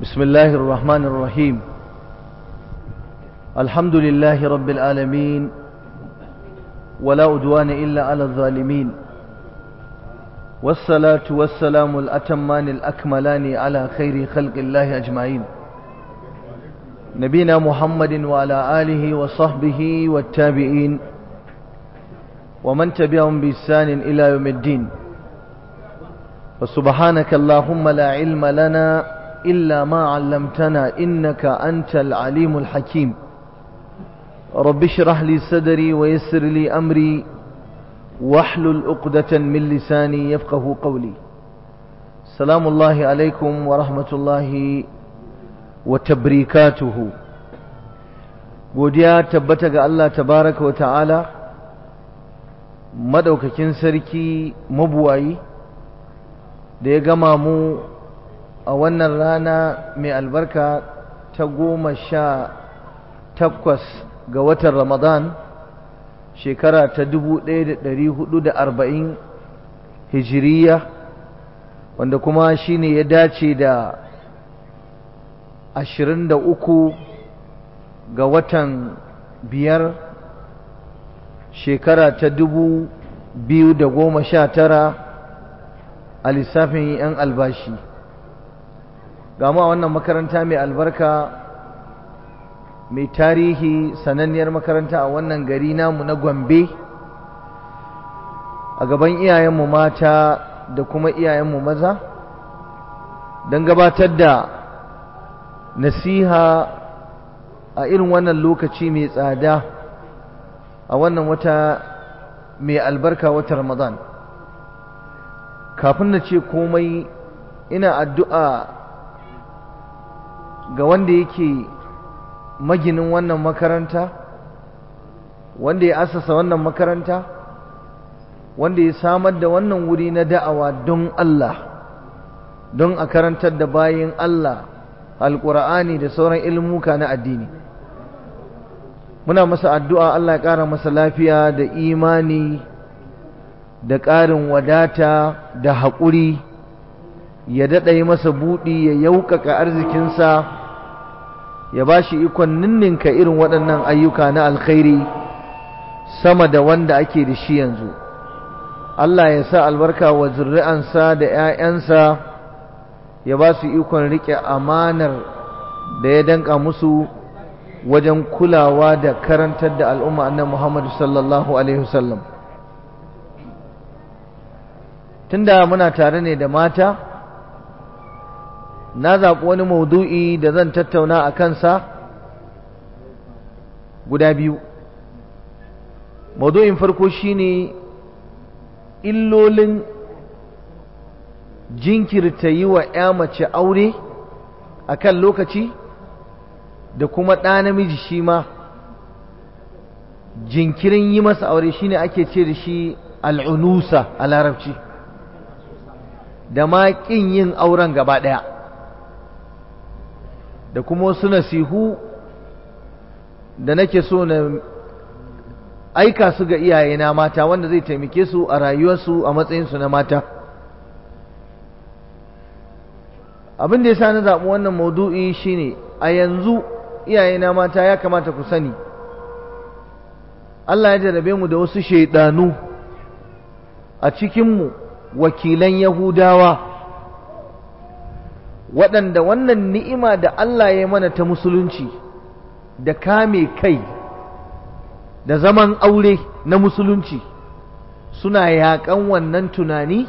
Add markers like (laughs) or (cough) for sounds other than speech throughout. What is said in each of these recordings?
بسم الله الرحمن الرحيم الحمد لله رب العالمين ولا أدوان إلا على الظالمين والصلاة والسلام الأتمان الأكملان على خير خلق الله أجمعين نبينا محمد وعلى آله وصحبه والتابعين ومن تبعهم بإحسان إلى يوم الدين وسبحانك اللهم لا علم لنا إلا ما علمتنا إنك أنت العليم الحكيم رب اشرح لي صدري ويسر لي أمري واحلل عقدة من لساني يفقه قولي سلام الله عليكم ورحمة الله وتبريكاته وديا تبتك الله تبارك وتعالى مدوك كنسركي madaukakin da ya gama mu a wannan rana mai albarka ta goma sha takwas ga watan ramadan shekara ta dubu ɗaya da ɗari hudu da arba'in hijiriya wanda kuma shine ya dace da ashirin da uku ga watan biyar shekara ta dubu biyu da goma sha tara a lissafin yan albashi gama a wannan makaranta mai albarka mai tarihi sananniyar makaranta a wannan gari namu na gombe a gaban iyayenmu mata da kuma iyayenmu maza don gabatar da nasiha a irin wannan lokaci mai tsada a wannan wata mai albarka wata ramadan kafin na ce komai ina addu'a ga wanda yake maginin wannan makaranta wanda ya asasa wannan makaranta wanda ya samar da wannan wuri na da'awa don Allah don a karantar da bayan Allah alƙura'ani da sauran ilmuka na addini muna masa addu'a Allah ya ƙara masa lafiya da imani da ƙarin wadata da haƙuri ya daɗa yi masa buɗi ya yauƙaƙa arzikinsa ya ba shi ikon ninninka irin waɗannan ayyuka na alkhairi sama da wanda ake da shi yanzu Allah ya sa albarka wa zuri'ansa da 'ya'yansa ya ba su ikon riƙe amanar da ya danƙa musu wajen kulawa da karantar da al'umma annan Muhammadu sallallahu Alaihi wasallam. tunda muna tare ne da mata na zaɓi wani maudu'i da zan tattauna a kansa guda biyu maudu'in farko shine illolin jinkirta yi wa 'ya mace aure a kan lokaci da kuma ɗa namiji shi ma jinkirin yi masa aure shine ake ce da shi al'unusa a larabci da ma ƙin yin auren gaba ɗaya da kuma wasu nasihu da nake so na aika su ga iyayena mata wanda zai taimake su a rayuwarsu a matsayinsu na mata abin da ya sa na zaɓi wannan maudu'i shine a yanzu iyayena mata ya kamata ku sani Allah ya jarabe mu da wasu shaidanu a cikinmu wakilan yahudawa waɗanda wannan ni'ima da Allah ya mana ta musulunci da kame kai da zaman aure na musulunci suna yaƙan wannan tunani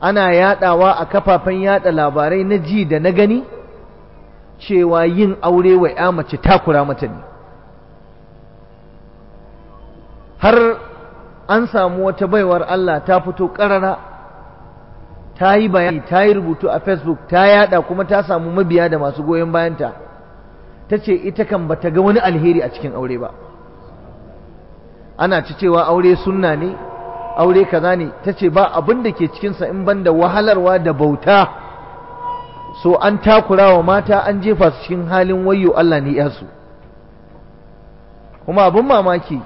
ana yaɗawa a kafafen yaɗa labarai na ji da na gani cewa yin aure wa ya mace takura mata ne har an samu wata baiwar Allah ta fito ƙarara ta yi bayani ta yi rubutu a facebook ta yada kuma ta samu mabiya da masu goyon bayanta ta ce ita kan ba ta ga wani alheri a cikin aure ba ana ci cewa aure sunna ne aure kaza ne ta ce ba abin da ke cikinsa in ban da wahalarwa da bauta so an takura wa mata an jefa su cikin halin wayo Allah ne yasu kuma abin mamaki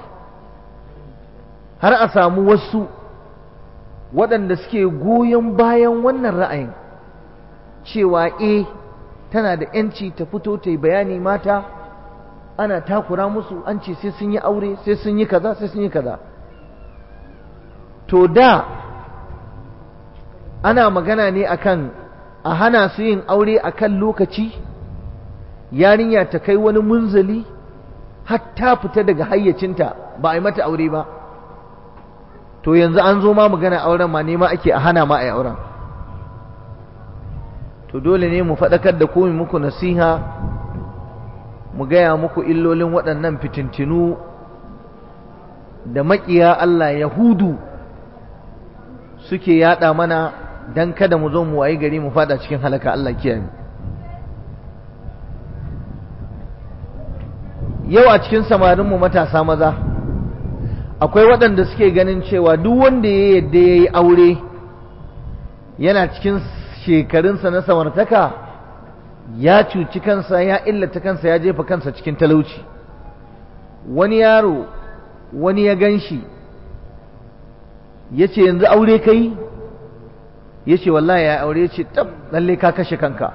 har a samu wasu waɗanda suke goyon bayan wannan ra'ayin cewa e tana da ‘yanci ta fito ta yi bayani mata ana takura musu an ce sai sun yi aure sai sun yi kaza sai sun yi kaza to da ana magana ne akan a hana su yin aure a kan lokaci yarinya ta kai wani munzali har ta fita daga hayyacinta ba a yi mata aure ba to yanzu an zo ma magana auren ma nema ake a hana ma a auren to dole ne mu faɗakar da komi muku nasiha mu gaya muku illolin waɗannan fitintinu da maƙiya Allah Yahudu suke yaɗa mana don kada mu zo mu wayi gari mu fada cikin halaka Allah kiyaye yau a cikin samarinmu matasa maza akwai waɗanda suke ganin cewa duk wanda ya yadda ya yi aure yana cikin shekarunsa na samartaka ya cuci kansa ya illata kansa ya jefa kansa cikin talauci wani yaro wani ya gan shi ya ce yanzu aure kai ya ce wallahi ya aure ya ce tab lalle ka kashe kanka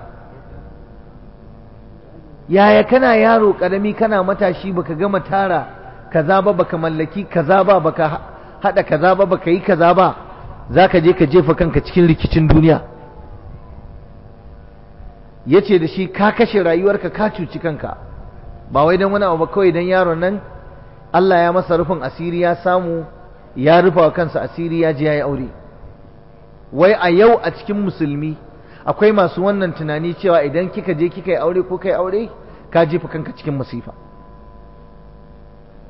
yaya kana yaro ƙarami kana matashi baka gama tara kaza ba baka mallaki kaza ba baka hada kaza ba baka yi kaza ba zaka je ka jefa kanka cikin rikicin duniya yace da shi ka kashe rayuwarka ka cuci kanka ba wai dan wani abu kawai dan yaron nan Allah ya masa rufin asiri ya samu ya rufa wa kansa asiri ya je ya yi aure wai a yau a cikin musulmi akwai masu wannan tunani cewa idan kika je kika yi aure ko kai aure ka jefa kanka cikin masifa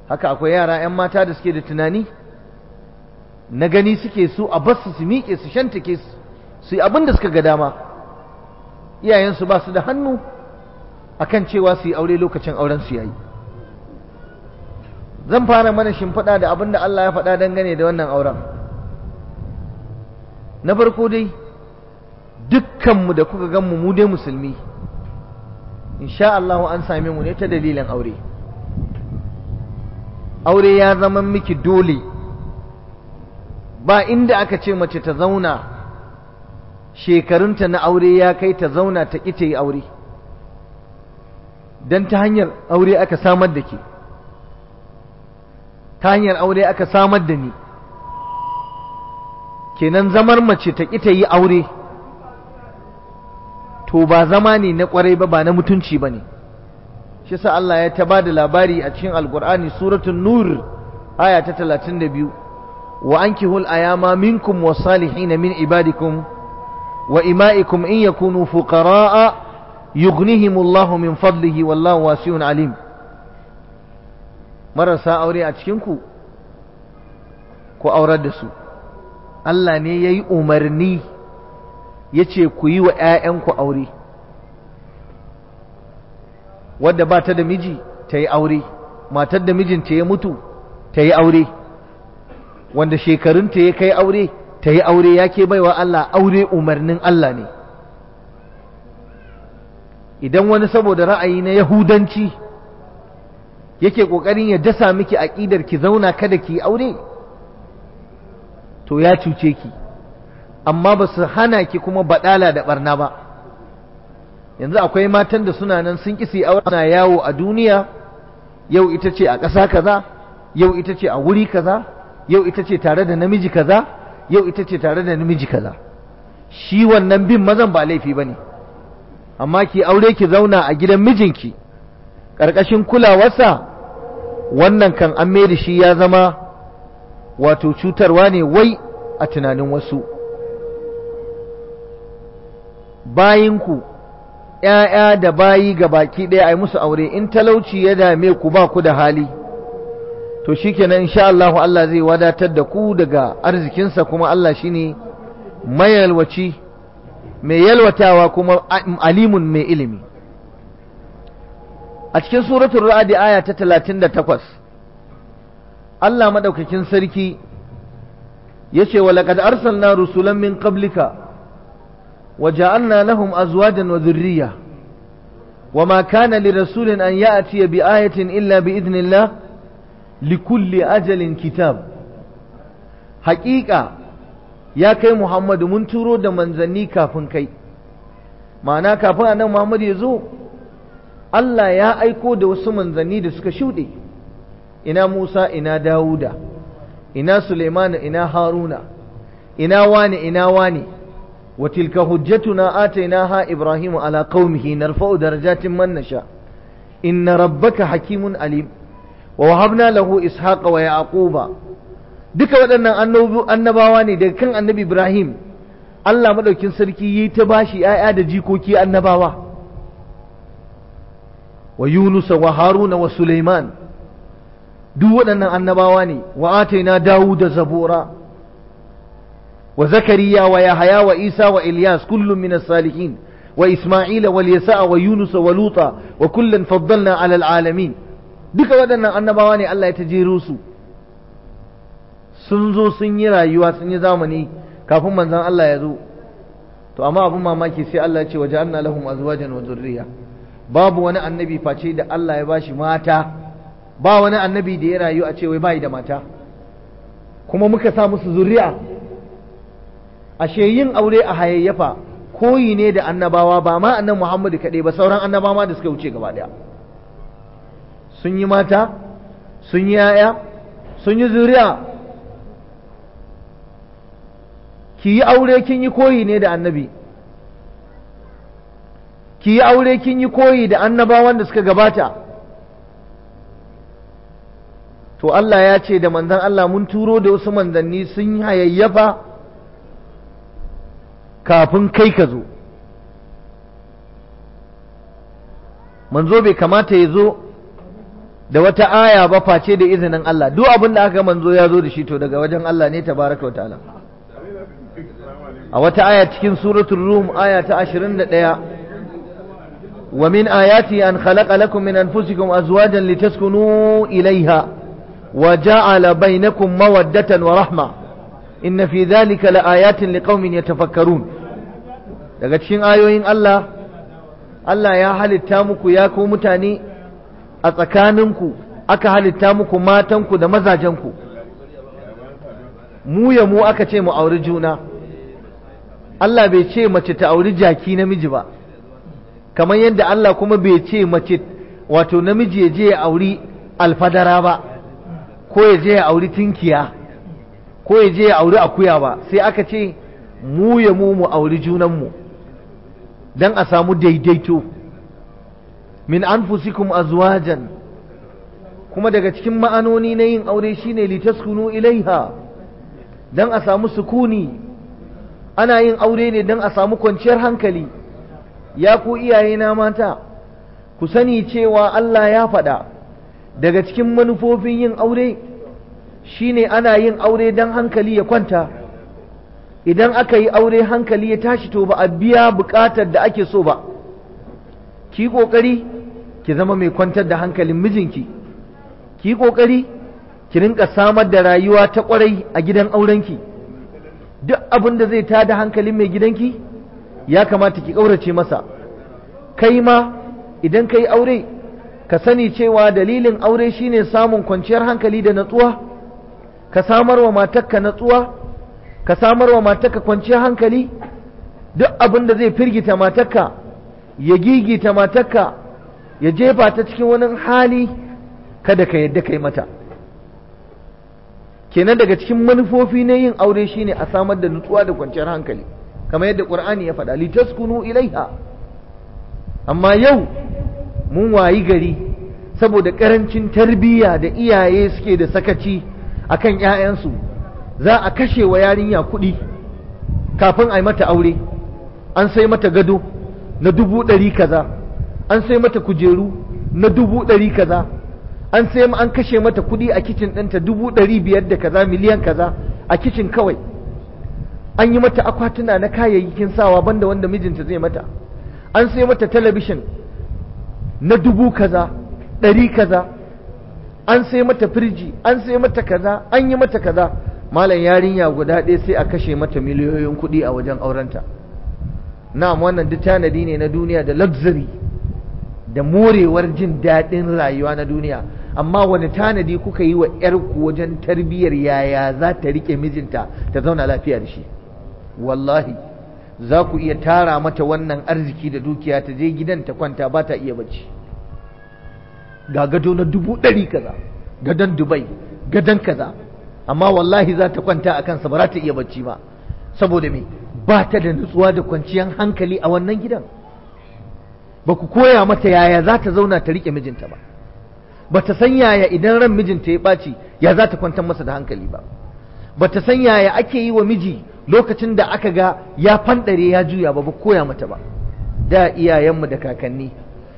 haka akwai yara 'yan mata da suke da tunani na gani suke su a basu su miƙe su shantake su su yi abin da suka ga dama iyayensu ba su da hannu a kan cewa su yi aure lokacin auren su yayi zan fara mana shimfiɗa da abin da Allah ya faɗa dangane da wannan auren na farko dai dukkanmu da kuka ganmu mu dai musulmi insha Allah an same mu ne ta dalilin aure aure ya zama miki dole ba inda aka ce mace ta zauna shekarunta na aure ya kai ta zauna ta ita ta yi aure don ta hanyar aure aka samar da ke ta hanyar aure aka samar da ni kenan zamar mace ta ita ta yi aure to ba zama ne na kwarai ba ba na mutunci ba ne shi sa Allah ya taba da labari a cikin alkur'ani suratul nur aya ta 32 wa ankihul ayama minkum wasalihin min ibadikum wa ima'ikum in yakunu fuqara'a yughnihimullahu min fadlihi wallahu wasi'un alim marasa aure a cikin ku ku aurar da su Allah ne yayi umarni yace ku yi wa 'ya'yanku aure wadda ba ta da miji ta yi aure matar da mijinta ya mutu ta yi aure wanda shekarunta ya kai aure ta yi aure ya ke baiwa Allah aure umarnin Allah ne idan wani saboda ra'ayi na yahudanci yake ƙoƙarin ya dasa miki aƙidar ki zauna kada ki aure to ya cuce ki amma ba su hana ki kuma baɗala da ɓarna ba yanzu akwai matan da suna nan sun kisi aure yawo a duniya yau ita ce a ƙasa kaza yau ita ce a wuri kaza yau ita ce tare da namiji kaza yau ita ce tare da namiji kaza shi wannan bin mazan ba laifi bane amma ki aure ki zauna a gidan mijinki ƙarƙashin kulawarsa wannan kan an mai da shi ya zama wato cutarwa ne wai a tunanin wasu bayinku ‘ya'ya da bayi ga baki ɗaya a yi musu aure in talauci ya dame ku ba ku da hali to shi kenan insha Allah Allah zai wadatar da ku daga arzikinsa kuma Allah shi ne mai mai yalwatawa kuma alimun mai ilimi a cikin suratul ra'adi aya ta 38 Allah madaukakin sarki yace wa laqad arsalna rusulan min qablika وجعلنا لهم أزواجا وذرية وما كان لرسول أن يأتي بآية إلا بإذن الله لكل أجل كتاب حقيقة يا كي محمد من تورو دا منزني كافن كي معنى كافن أنا محمد يزو Allah ya aiko da wasu manzanni da suka shuɗe ina Musa ina Dawuda ina Suleimanu ina Haruna ina wani ina wani wa tilka hujjatuna atainaha ibrahimu ala qaumihi narfa'u darajatin man nasha inna rabbaka hakimun alim wa wahabna lahu ishaqa wa yaquba duka waɗannan annabawa ne daga kan annabi ibrahim Allah maɗaukin sarki yi ta bashi ‘ya'ya da jikoki annabawa wa yunusa wa haruna wa suleiman duk waɗannan annabawa ne wa ataina dawu da zabora. وزكريا ويحيى وإيسى وإلياس كل من الصالحين وإسماعيل واليساء ويونس ولوطا وكلا فضلنا على العالمين duka waɗannan annabawa ne Allah ya ta jero su sun zo sun yi rayuwa sun yi zamani kafin manzon Allah ya zo to amma abin mamaki sai Allah ya ce waje anna lahum azwajan wa zurriya babu wani annabi face da Allah ya bashi mata ba wani annabi da ya rayu a ce wai bai da mata kuma muka sa musu zuriya ashe yin aure a hayayyafa koyi ne da annabawa ba ma annan Muhammadu kaɗai ba sauran annabawa ma da suka wuce gaba ɗaya sun yi mata sun yi yaya sun yi zuriya ki yi aure kin yi koyi ne da annabi ki yi aure kin yi koyi da annabawan da suka gabata to Allah ya ce da manzan Allah mun turo da wasu manzanni sun hayayyafa kafin kai ka zo manzo bai kamata ya zo da wata aya ba face da izinin Allah duk abin da aka manzo ya zo da shi to daga wajen Allah ne tabaraka wa ta'ala a wata aya cikin suratul rum aya ta 21 wa min ayati an khalaqa lakum min anfusikum azwajan litaskunu ilayha wa ja'ala bainakum mawaddatan wa rahma inna fi dhalika laayatin liqaumin yatafakkarun daga cikin ayoyin Allah Allah ya halitta muku ya ku mutane a tsakaninku aka halitta muku matanku da mazajenku mu ya mu aka ce mu auri juna Allah bai ce mace ta auri jaki namiji ba kamar yadda Allah kuma bai ce mace wato namiji ya je ya auri alfadara ba ko ya je ya auri tinkiya ko ya je ya auri akuya ba sai aka ce mu ya mu mu auri junanmu dan a samu daidaito min anfusikum azwajan kuma daga cikin ma'anoni na yin aure shine litaskunu ilaiha dan a samu sukuni ana yin aure ne dan a samu kwanciyar hankali ya ku iyaye na mata ku sani cewa Allah ya faɗa daga cikin manufofin yin aure shine ana yin aure dan hankali ya kwanta idan aka yi aure hankali ya tashi to ba a biya buƙatar da ake so ba ki ƙoƙari ki zama mai kwantar da hankalin mijinki ki ƙoƙari ki rinka samar da rayuwa ta ƙwarai a gidan aurenki duk abin da zai tada hankalin mai gidanki ya kamata ki ƙaurace masa kai ma idan ka yi aure ka sani cewa dalilin aure shine samun kwanciyar hankali da natsuwa ka samar wa matarka natsuwa ka samar wa matarka kwanciyar hankali duk abin da zai firgita matarka ya gigita matarka ya jefa ta cikin wani hali kada ka yadda kai mata kenan daga cikin manufofi na yin aure shine a samar da nutsuwa da kwanciyar hankali kamar yadda qur'ani ya faɗa litaskunu ilaiha amma yau mun wayi gari saboda ƙarancin tarbiyya da iyaye suke da sakaci akan 'ya'yansu za a kashe wa yarinya kuɗi kafin a yi mata aure an sai mata gado na dubu ɗari kaza an sai mata kujeru na dubu ɗari kaza an sai an kashe mata kuɗi a kicin ɗinta dubu ɗari biyar da kaza miliyan kaza a kicin kawai an yi mata akwatuna na kayayyakin sawa banda wanda mijinta zai mata an sai mata talabishin na dubu kaza ɗari kaza an sai mata firji an sai mata kaza an yi mata kaza malam yarinya guda ɗaya sai a kashe mata miliyoyin kuɗi a wajen aurenta na'am wannan duk tanadi ne na duniya da luxury da morewar jin daɗin rayuwa na duniya amma wani tanadi kuka yi wa ku wajen tarbiyyar yaya za ta riƙe mijinta ta zauna lafiya da shi wallahi za ku iya tara mata wannan arziki da dukiya ta je gidan ta kwanta ba ta iya bacci ga gado na dubu ɗari kaza gadon dubai gadon kaza amma wallahi za ta kwanta a kansa ba za ta iya bacci ba saboda me ba ta da nutsuwa da kwanciyar hankali a wannan gidan ba ku koya mata yaya za ta zauna ta riƙe mijinta ba ba ta san yaya idan ran mijinta ya ɓaci ya za ta kwantar masa da hankali ba ba ta san yaya ake yi wa miji lokacin da aka ga ya fanɗare ya juya ba ba koya mata ba da iyayenmu da kakanni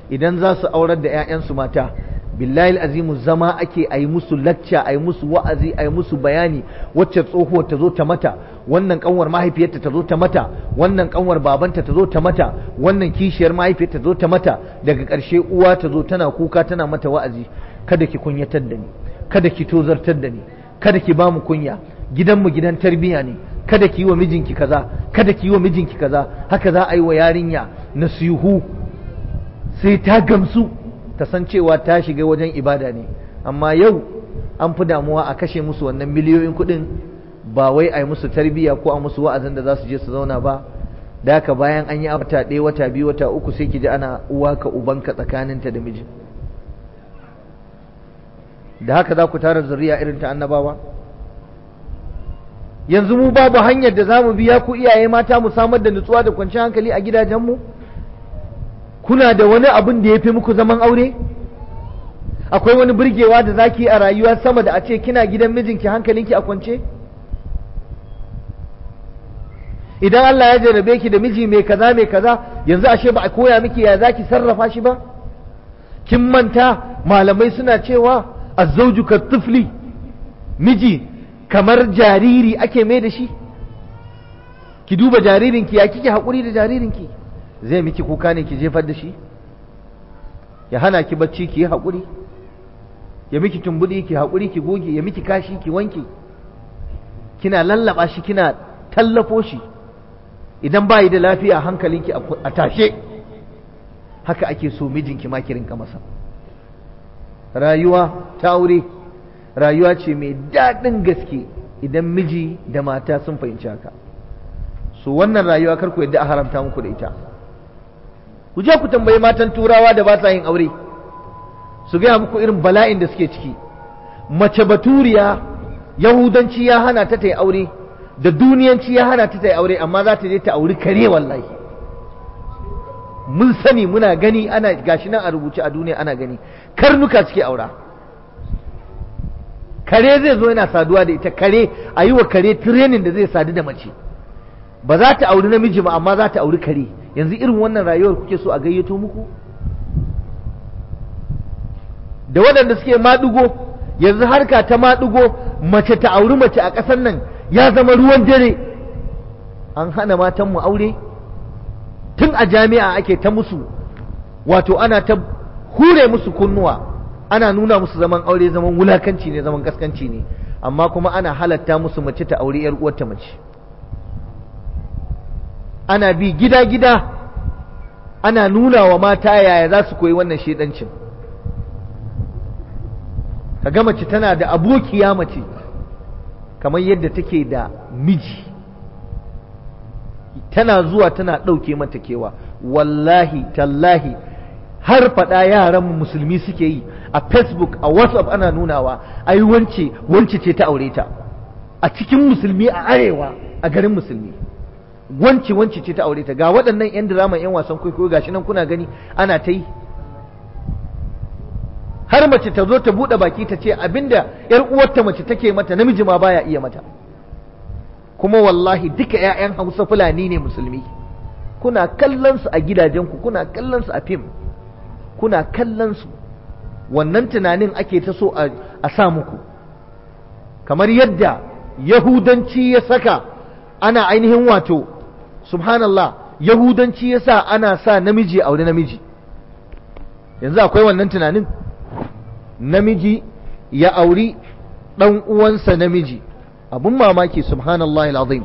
idan za su aurar da 'ya'yansu mata billahi azimu zama ake a yi musu lacca a yi musu wa'azi a yi musu bayani wacce tsohuwar ta zo ta mata wannan kanwar mahaifiyarta ta zo ta mata wannan kanwar babanta ta zo ta mata wannan kishiyar mahaifiyarta ta zo ta mata daga ƙarshe uwa ta zo tana kuka tana mata wa'azi kada ki kunyatar da ni kada ki tozartar da ni kada ki ba mu kunya gidanmu gidan tarbiyya ne kada ki yi wa mijinki kaza kada ki yi wa mijinki kaza haka za a yi wa yarinya nasihu sai ta gamsu ta san cewa ta shiga wajen ibada ne amma yau an fi damuwa a kashe musu wannan miliyoyin kuɗin ba wai a yi musu tarbiyya ko a musu wa'azin da za su je su zauna ba da haka bayan an yi wata ɗaya wata biyu wata uku sai ki ji ana uwa ka ubanka tsakaninta da miji da haka za ku tara zuriya irin ta annabawa yanzu mu babu hanyar da za mu biya ku iyaye mata mu samar da nutsuwa da kwanciyar hankali a gidajen mu? kuna da wani abin da ya fi muku zaman aure akwai wani burgewa da zaki a rayuwa sama da a ce kina gidan mijinki hankalinki a kwance idan Allah ya jarabe ki da miji mai kaza mai kaza yanzu ashe ba a koya miki ya zaki sarrafa shi ba kin manta malamai suna cewa azzauju ka tufli miji kamar jariri ake mai da shi ki duba jaririnki ya kike haƙuri da jaririnki zai miki kuka ne ki jefar da shi ya hana ki bacci ki yi haƙuri ya miki tumbudi ki haƙuri ki goge ya miki kashi ki wanke kina lallaba shi kina tallafo shi idan bayi da lafiya hankalinki a tashe haka ake so mijinki ma ki ka masa rayuwa ta aure rayuwa ce mai daɗin gaske idan miji da mata sun fahimci haka so wannan rayuwa karku ku yadda a haramta muku da ita ku je ku tambayi matan turawa da ba sa yin aure su gaya muku irin bala'in da suke ciki mace baturiya yahudanci ya hana ta tai yi aure da duniyanci ya hana ta tai aure amma za ta je ta auri kare wallahi mun sani muna gani ana gashi nan a rubuce a duniya ana gani karnuka suke aura kare zai zo yana saduwa da ita kare a yi wa kare tirenin da zai sadu da mace ba za ta auri namiji ba amma za ta auri kare yanzu irin wannan rayuwar kuke so a gayyato muku da waɗanda suke maɗugo yanzu harka ta maɗugo mace ta auri mace a ƙasar nan ya zama ruwan dare an hana matanmu aure tun a jami'a ake ta musu wato ana ta hure musu kunnuwa ana nuna musu zaman aure zaman wulakanci ne zaman gaskanci ne amma kuma ana halatta musu mace ta auri 'yar uwarta mace ana bi gida-gida ana nuna wa mata yaya za su koyi wannan shedancin kaga mace tana da abokiya mace kamar yadda take da miji tana zuwa tana ɗauke mata kewa wallahi tallahi har faɗa yaran musulmi suke yi a facebook a whatsapp ana nunawa ai wance wance ce ta aure ta a cikin musulmi a arewa a garin musulmi wanci wanci ce ta aure ta ga waɗannan 'yan drama 'yan wasan kwaikwayo gashi nan kuna gani ana ta yi har mace ta zo ta buɗe baki ta ce abinda 'yar uwarta mace take mata namiji ma baya iya mata kuma wallahi duka 'ya'yan hausa fulani ne musulmi kuna kallon su a gidajenku kuna kallon su a fim kuna kallon su wannan tunanin ake ta so a sa muku kamar yadda yahudanci ya saka ana ainihin wato subhanallah yahudanci yasa ana sa namiji aure namiji yanzu akwai wannan tunanin namiji ya auri dan uwansa namiji abun mamaki subhanallah alazim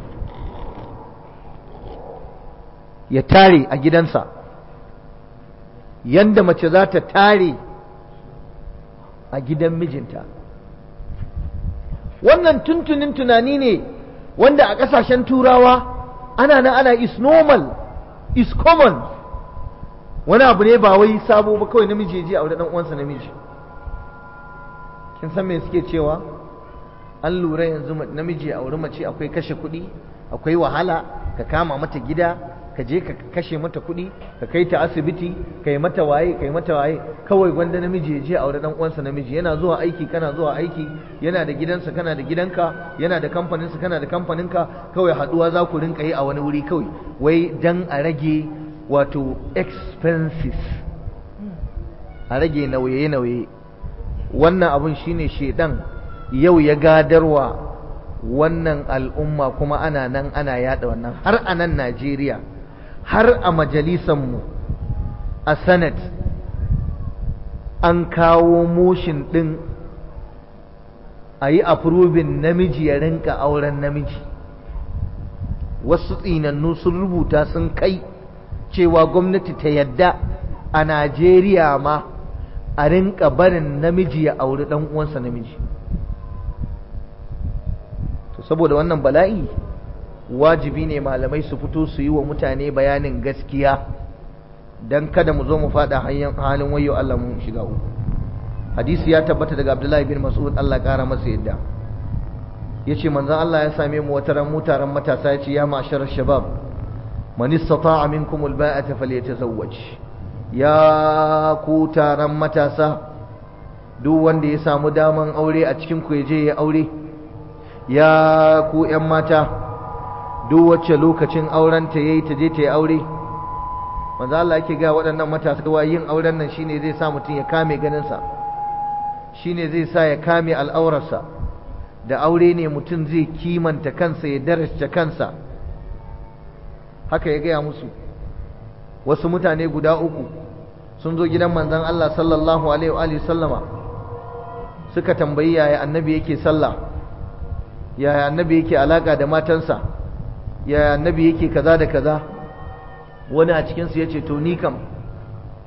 ya tare a gidansa yanda mace za ta tare a gidan mijinta wannan tuntunin tunani ne wanda a ƙasashen turawa ana nan ana is normal is common wani abu ne ba wai sabo ba kawai namiji je a dan uwansa namiji kin san me suke cewa an lura yanzu namiji a wuri mace akwai kashe kuɗi akwai wahala ka kama mata gida ka je ka kashe mata kuɗi ka kai ta asibiti ka yi mata waye ka yi mata waye kawai gwanda namiji ya je a wurin uwansa namiji yana zuwa aiki kana zuwa aiki yana da gidansa kana da gidanka yana da kamfaninsa kana da kamfaninka kawai haɗuwa za ku rinka yi a wani wuri kawai wai dan a rage wato expenses a rage nauye-nauye wannan abun shine shedan yau ya gadarwa wannan al'umma kuma ana nan ana yada wannan har a nan Najeriya har a majalisanmu a senate an kawo motion ɗin a yi approving namiji ya rinka auren namiji wasu tsinannu sun rubuta sun kai cewa gwamnati ta yadda a najeriya ma a rinka barin namiji ya auri ɗan uwansa namiji saboda wannan bala'i wajibi ne malamai su fito su yi wa mutane bayanin gaskiya don kada mu zo mu faɗa halin wayo Allah mun shiga uku hadisi ya tabbata daga abdullahi bin mas'ud Allah ƙara masa yadda ya ce manzan Allah ya same mu wata ran mutaren matasa ya ce ya mashar shabab man istata'a minkum alba'ata falyatazawwaj ya ku taron matasa duk wanda ya samu daman aure a cikin ku ya je ya aure ya ku 'yan mata duk wacce lokacin aurenta yayi ta je ta yi aure manzo Allah yake ga waɗannan matasa yin auren nan shine zai sa mutum ya kame ganin sa shine zai sa ya kame al'aurarsa da aure ne mutum zai kimanta kansa ya darasta kansa haka ya gaya musu wasu mutane guda uku sun zo gidan manzon Allah sallallahu alaihi wa sallama suka tambayi yaya annabi yake sallah yaya annabi yake alaka da matansa ya annabi yake kaza da kaza wani a cikin su yace to ni kam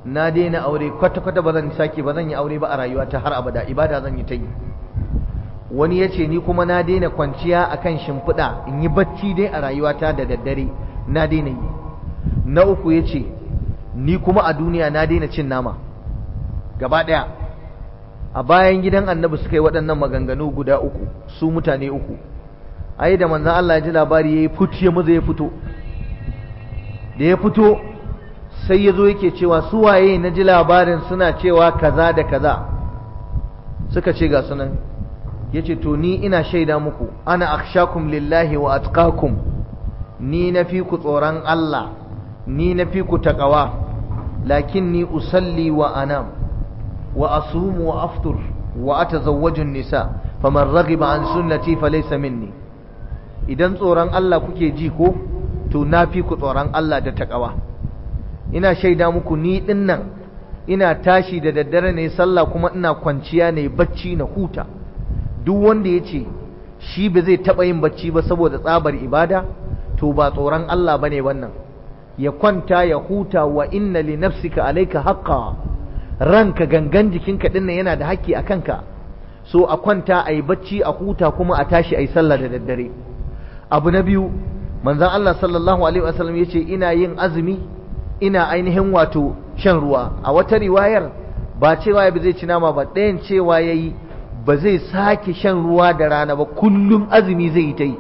na daina aure kwata kwata ba zan sake ba yi aure ba a rayuwa ta har abada ibada zan yi ta yi wani yace ni kuma na daina kwanciya akan shimfiɗa in yi bacci dai a rayuwa ta da daddare na daina yi na uku yace ni kuma a duniya na daina cin nama gaba ɗaya a bayan gidan annabi suka yi waɗannan maganganu guda uku su mutane uku ai da manzan Allah ya ji labari ya yi fuci ya maza ya fito da ya fito sai ya zo yake cewa su waye na ji labarin suna cewa kaza da kaza suka ce ga sunan ya ce to ni ina shaida muku ana akshakum lillahi wa atqakum ni na fi ku tsoron Allah ni na fi ku taƙawa lakin ni usalli wa anam wa asumu wa aftur wa atazawwajun nisa faman raghiba an sunnati falaysa minni idan tsoron Allah kuke ji ko to na fi ku tsoron Allah da takawa ina shaida muku ni din nan ina tashi da daddare ne sallah kuma ina kwanciya ne bacci na huta duk wanda ya ce shi ba zai taɓa yin bacci ba saboda tsabar ibada to ba tsoron Allah bane wannan ya kwanta ya huta wa inna li nafsika alaika haqqan ranka gangan jikinka dinnan yana da haƙƙi a kanka so a kwanta a yi bacci a huta kuma a tashi a yi sallah da daddare abu na biyu manzan Allah sallallahu alaihi wasallam ce, ina yin azumi ina ainihin wato shan ruwa a wata riwayar ba cewa ba zai ci nama ba ɗayan cewa ya yi ba zai sake shan ruwa da rana ba kullum azumi zai yi ta yi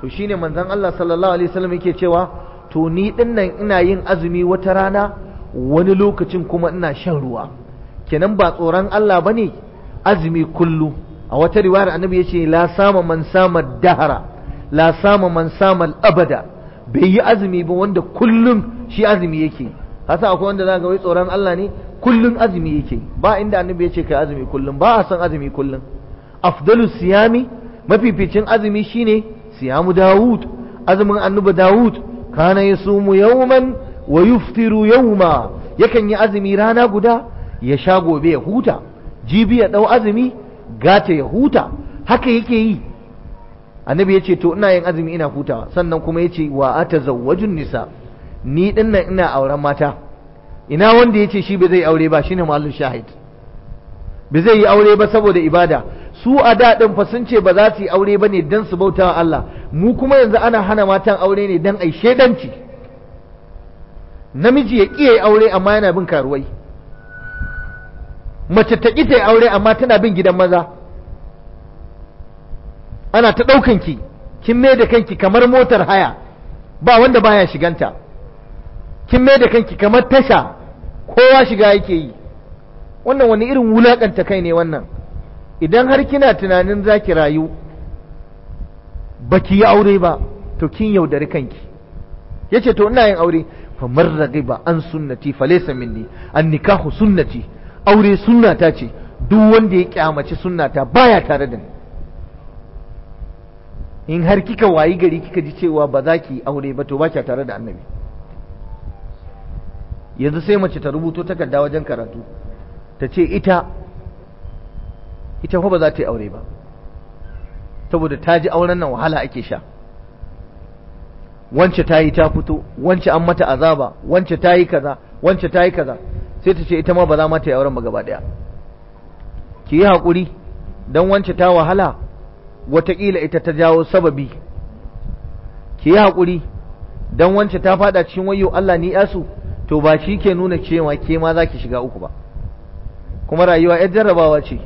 to shi ne manzan Allah sallallahu alaihi wasallam yake cewa to ni nan ina yin azumi wata rana wani lokacin kuma ina shan ruwa kenan ba tsoron Allah ba ne? azumi kullum. a wata riwayar annabi ce la sama man sama dahara la sama man sama abada bai yi azumi ba wanda kullum shi azumi yake hasa akwai wanda za ga wai tsoron Allah ne kullum azumi yake ba inda annabi ya ce kai azumi kullum ba a san azumi kullum afdalu siyami mafificin azumi shine siyamu dawud azumin annabi dawud kana yasumu yawman wa yuftiru yawma yakan yi azumi rana guda ya sha gobe ya huta jibi ya dau azumi gata ya huta haka yake yi annabi yace to ina yin azumi ina hutawa sannan kuma yace wa atazawwajun nisa ni dinnan ina auren mata ina wanda yace shi ba zai aure ba shine mahallin shahid ba zai yi aure ba saboda ibada su a da din fa sun ce ba za su yi aure ba ne dan su bauta wa Allah mu kuma yanzu ana hana matan aure ne dan ai shedanci namiji ya kiyaye aure amma yana bin karuwai mace ta ƙi ta yi aure amma tana bin gidan maza ana ta ɗaukan ki kin mai da kanki kamar motar haya ba wanda baya shiganta kin mai da kanki kamar tasha kowa shiga yake yi wannan wani irin wulaƙanta kai ne wannan idan har kina tunanin za ki rayu ba ki yi aure ba to kin yaudari kanki ya ce to ina yin aure famar rage ba an sunnati falesa minni an nikahu sunnati aure sunnata ce duk wanda ya kyamaci sunnata baya tare da ni in har kika wayi gari kika ji cewa ba za ki aure ba to ba kya tare da annabi yanzu sai mace ta rubuto takarda wajen karatu ta ce ita ita fa ba za ta yi aure ba saboda ta ji auren nan wahala ake sha wance ta yi ta fito wance an mata azaba wance ta yi kaza wance ta yi kaza sai ta ce ita ma ba za ma ta yi auren ba gaba daya ki yi haƙuri don wance ta wahala wataƙila ita ta jawo sababi ki yi haƙuri don wance ta fada cikin wayo Allah ni yasu to ba shi ke nuna cewa ke ma za ki shiga uku ba kuma rayuwa yar jarrabawa ce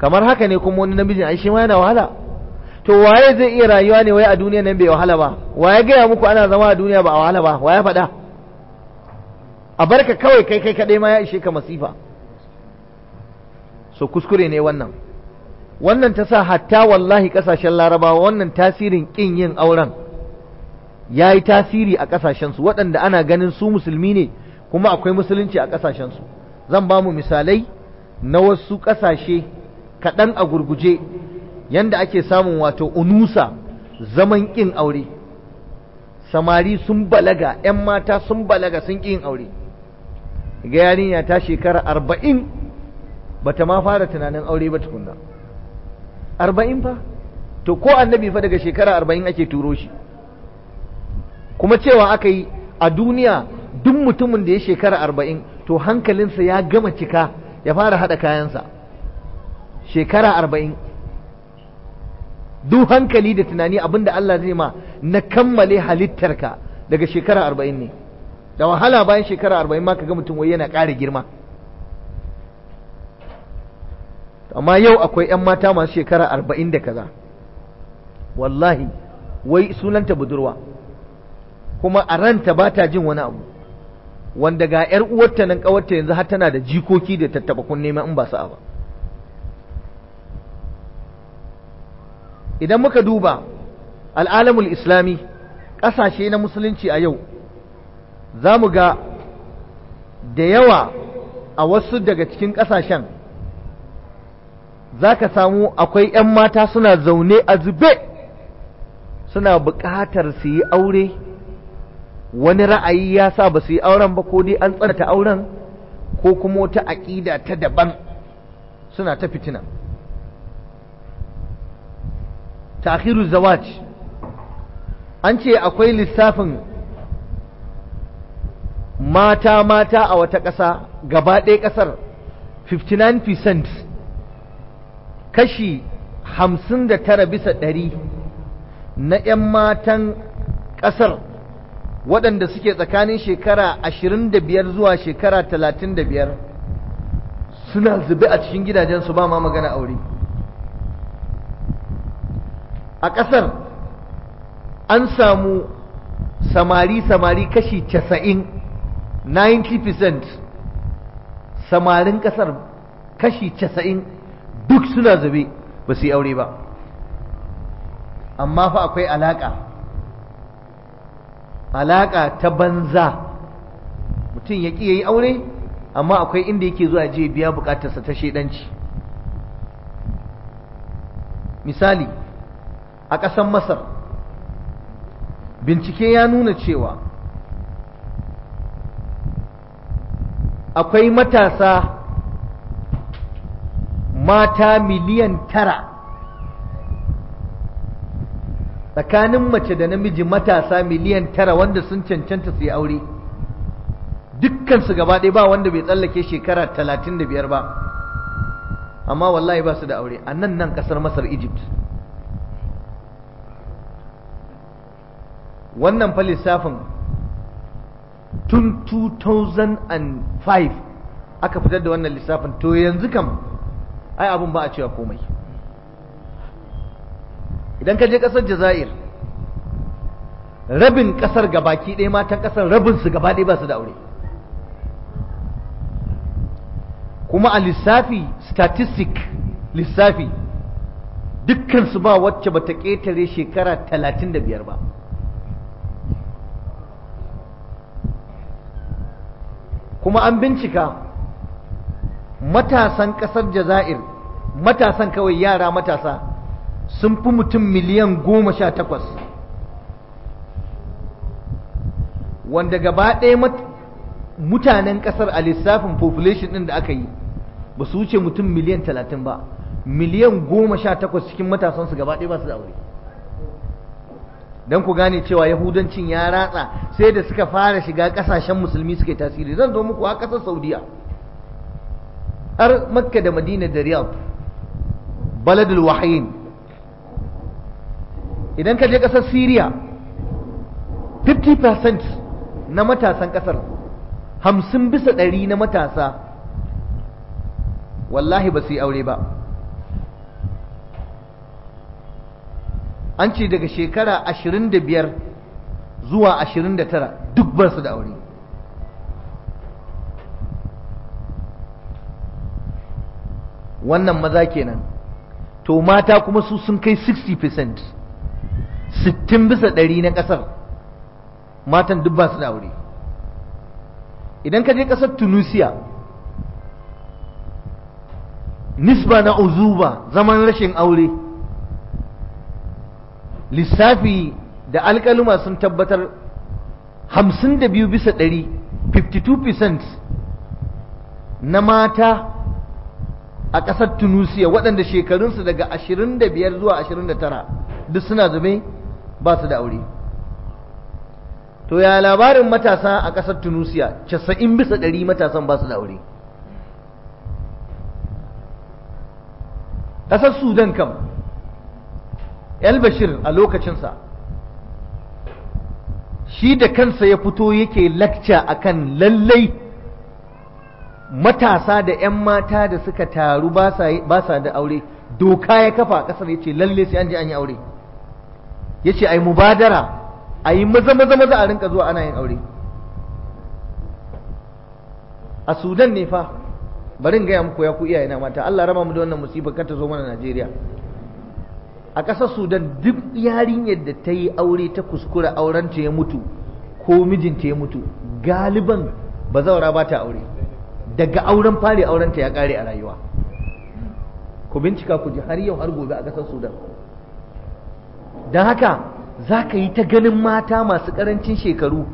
kamar haka ne kuma wani namijin ai shi ma yana wahala to waye zai iya rayuwa ne waye a duniya nan bai wahala ba waye gaya muku ana zama a duniya ba a wahala ba waye faɗa a barka kawai kai kai kaɗai ma ya ishe ka masifa so kuskure ne wannan wannan ta sa hatta wallahi kasashen larabawa wannan tasirin ƙin yin auren ya yi tasiri a ƙasashensu waɗanda ana ganin su musulmi ne kuma akwai musulunci a ƙasashensu zan ba mu misalai na wasu ƙasashe kaɗan a gurguje yanda ake samun wato unusa zaman ƙin aure samari sun balaga 'yan mata sun balaga sun ƙin aure ga yarinya ta shekara arba'in ba ta ma fara tunanin aure ba tukunna arba'in fa to ko annabi fa daga shekara arba'in ake turo shi kuma cewa aka yi a duniya duk mutumin da ya shekara arba'in to hankalinsa ya gama cika ya fara haɗa kayansa shekara arba'in duk hankali da tunani da Allah zai ma na kammale halittarka daga shekara arba'in ne da wahala bayan shekara arba'in ma ka ga mutum wai yana ƙara girma amma yau akwai 'yan mata masu shekara arba'in da kaza wallahi wai sunanta budurwa kuma a ranta ba ta jin wani abu wanda ga 'yar uwarta nan ƙawarta yanzu har tana da jikoki da tattaba kun nema in ba sa'a ba idan muka duba al'alamul islami ƙasashe na musulunci a yau za mu ga da yawa a wasu daga cikin ƙasashen zaka samu akwai 'yan mata suna zaune a zube suna buƙatar su yi aure wani ra'ayi ya sa ba su yi auren ba ko dai an ta auren ko kuma wata aƙida ta daban suna ta fitina ta'khiru zawaj an ce akwai lissafin mata mata a wata ƙasa gaba ɗaya ƙasar 59% kashi hamsin da tara bisa ɗari na 'yan matan ƙasar waɗanda suke tsakanin shekara ashirin da biyar zuwa shekara talatin da biyar suna zube a cikin gidajensu ba ma magana aure a ƙasar an samu samari-samari kashi casa'in 90% samarin ƙasar kashi casa'in duk suna zube ba su yi aure ba amma fa akwai alaƙa alaƙa ta banza mutum ya ƙi ya yi aure amma akwai inda yake zuwa je biya buƙatarsa ta shaidanci misali a ƙasar masar bincike ya nuna cewa akwai matasa mata miliyan tara tsakanin mace da namiji matasa miliyan tara wanda sun cancanta su yi aure dukkansu gaba ɗaya ba wanda bai tsallake shekara talatin da biyar ba amma wallahi ba su da aure a nan nan ƙasar masar egypt wannan fa lissafin tun 2005 aka fitar da wannan lissafin to yanzu kam ai abin ba a cewa komai idan ka je kasar jazair rabin kasar gabaki ɗaya matan kasar rabin su gaba ɗaya ba su da aure kuma a lissafi statistic lissafi dukkan su ba wacce ba ta ƙetare shekara talatin da biyar ba kuma an bincika matasan ƙasar jazair matasan kawai yara matasa sun fi mutum miliyan goma sha takwas wanda gaba ɗaya mutanen ƙasar a lissafin population ɗin da aka yi ba su wuce mutum miliyan talatin ba miliyan goma sha takwas cikin matasansu gaba ɗaya ba su da aure don ku gane cewa yahudancin ya ratsa sai da suka fara shiga ƙasashen musulmi suka yi tasiri zan zo muku a ƙasar saudiya har makka da madina da riyadh baladul wahayin idan ka je ƙasar syria 50% na matasan kasar, hamsin bisa ɗari na matasa wallahi ba su yi aure ba an ce daga shekara 25 zuwa 29 duk ba su da aure wannan maza kenan to mata kuma su sun kai 60% 60 bisa ɗari na ƙasar matan duk ba su da aure idan ka je ƙasar tunisia nisba na uzuba zaman rashin aure lissafi da alkaluma sun tabbatar 52 bisa 100 52% na mata a ƙasar tunisia waɗanda shekarunsu daga 25 zuwa 29 duk suna zume ba su da aure to ya labarin matasa a ƙasar tunisia 90 bisa 100 matasan ba su da aure ƙasar sudan kam el bashir a lokacinsa shi da kansa ya fito yake lakca akan lallai matasa da 'yan mata da suka taru ba sa da aure doka ya kafa a ƙasar ya ce lalle sai an je an yi aure ya ce a yi mubadara a yi maza maza maza a rinka zuwa ana yin aure a sudan ne fa bari in gaya muku ya ku iyaye mata allah raba mu da wannan musibar kar ta zo mana najeriya a ƙasar sudan duk yarinyar da ta yi aure ta kuskura auren ta ya mutu ko mijinta ya mutu galiban ba zaura ba ta aure daga auren fari aurenta ya kare a rayuwa ku bincika ku ji har yau har gobe a ƙasar sudan don haka za ka yi ta ganin mata masu ƙarancin shekaru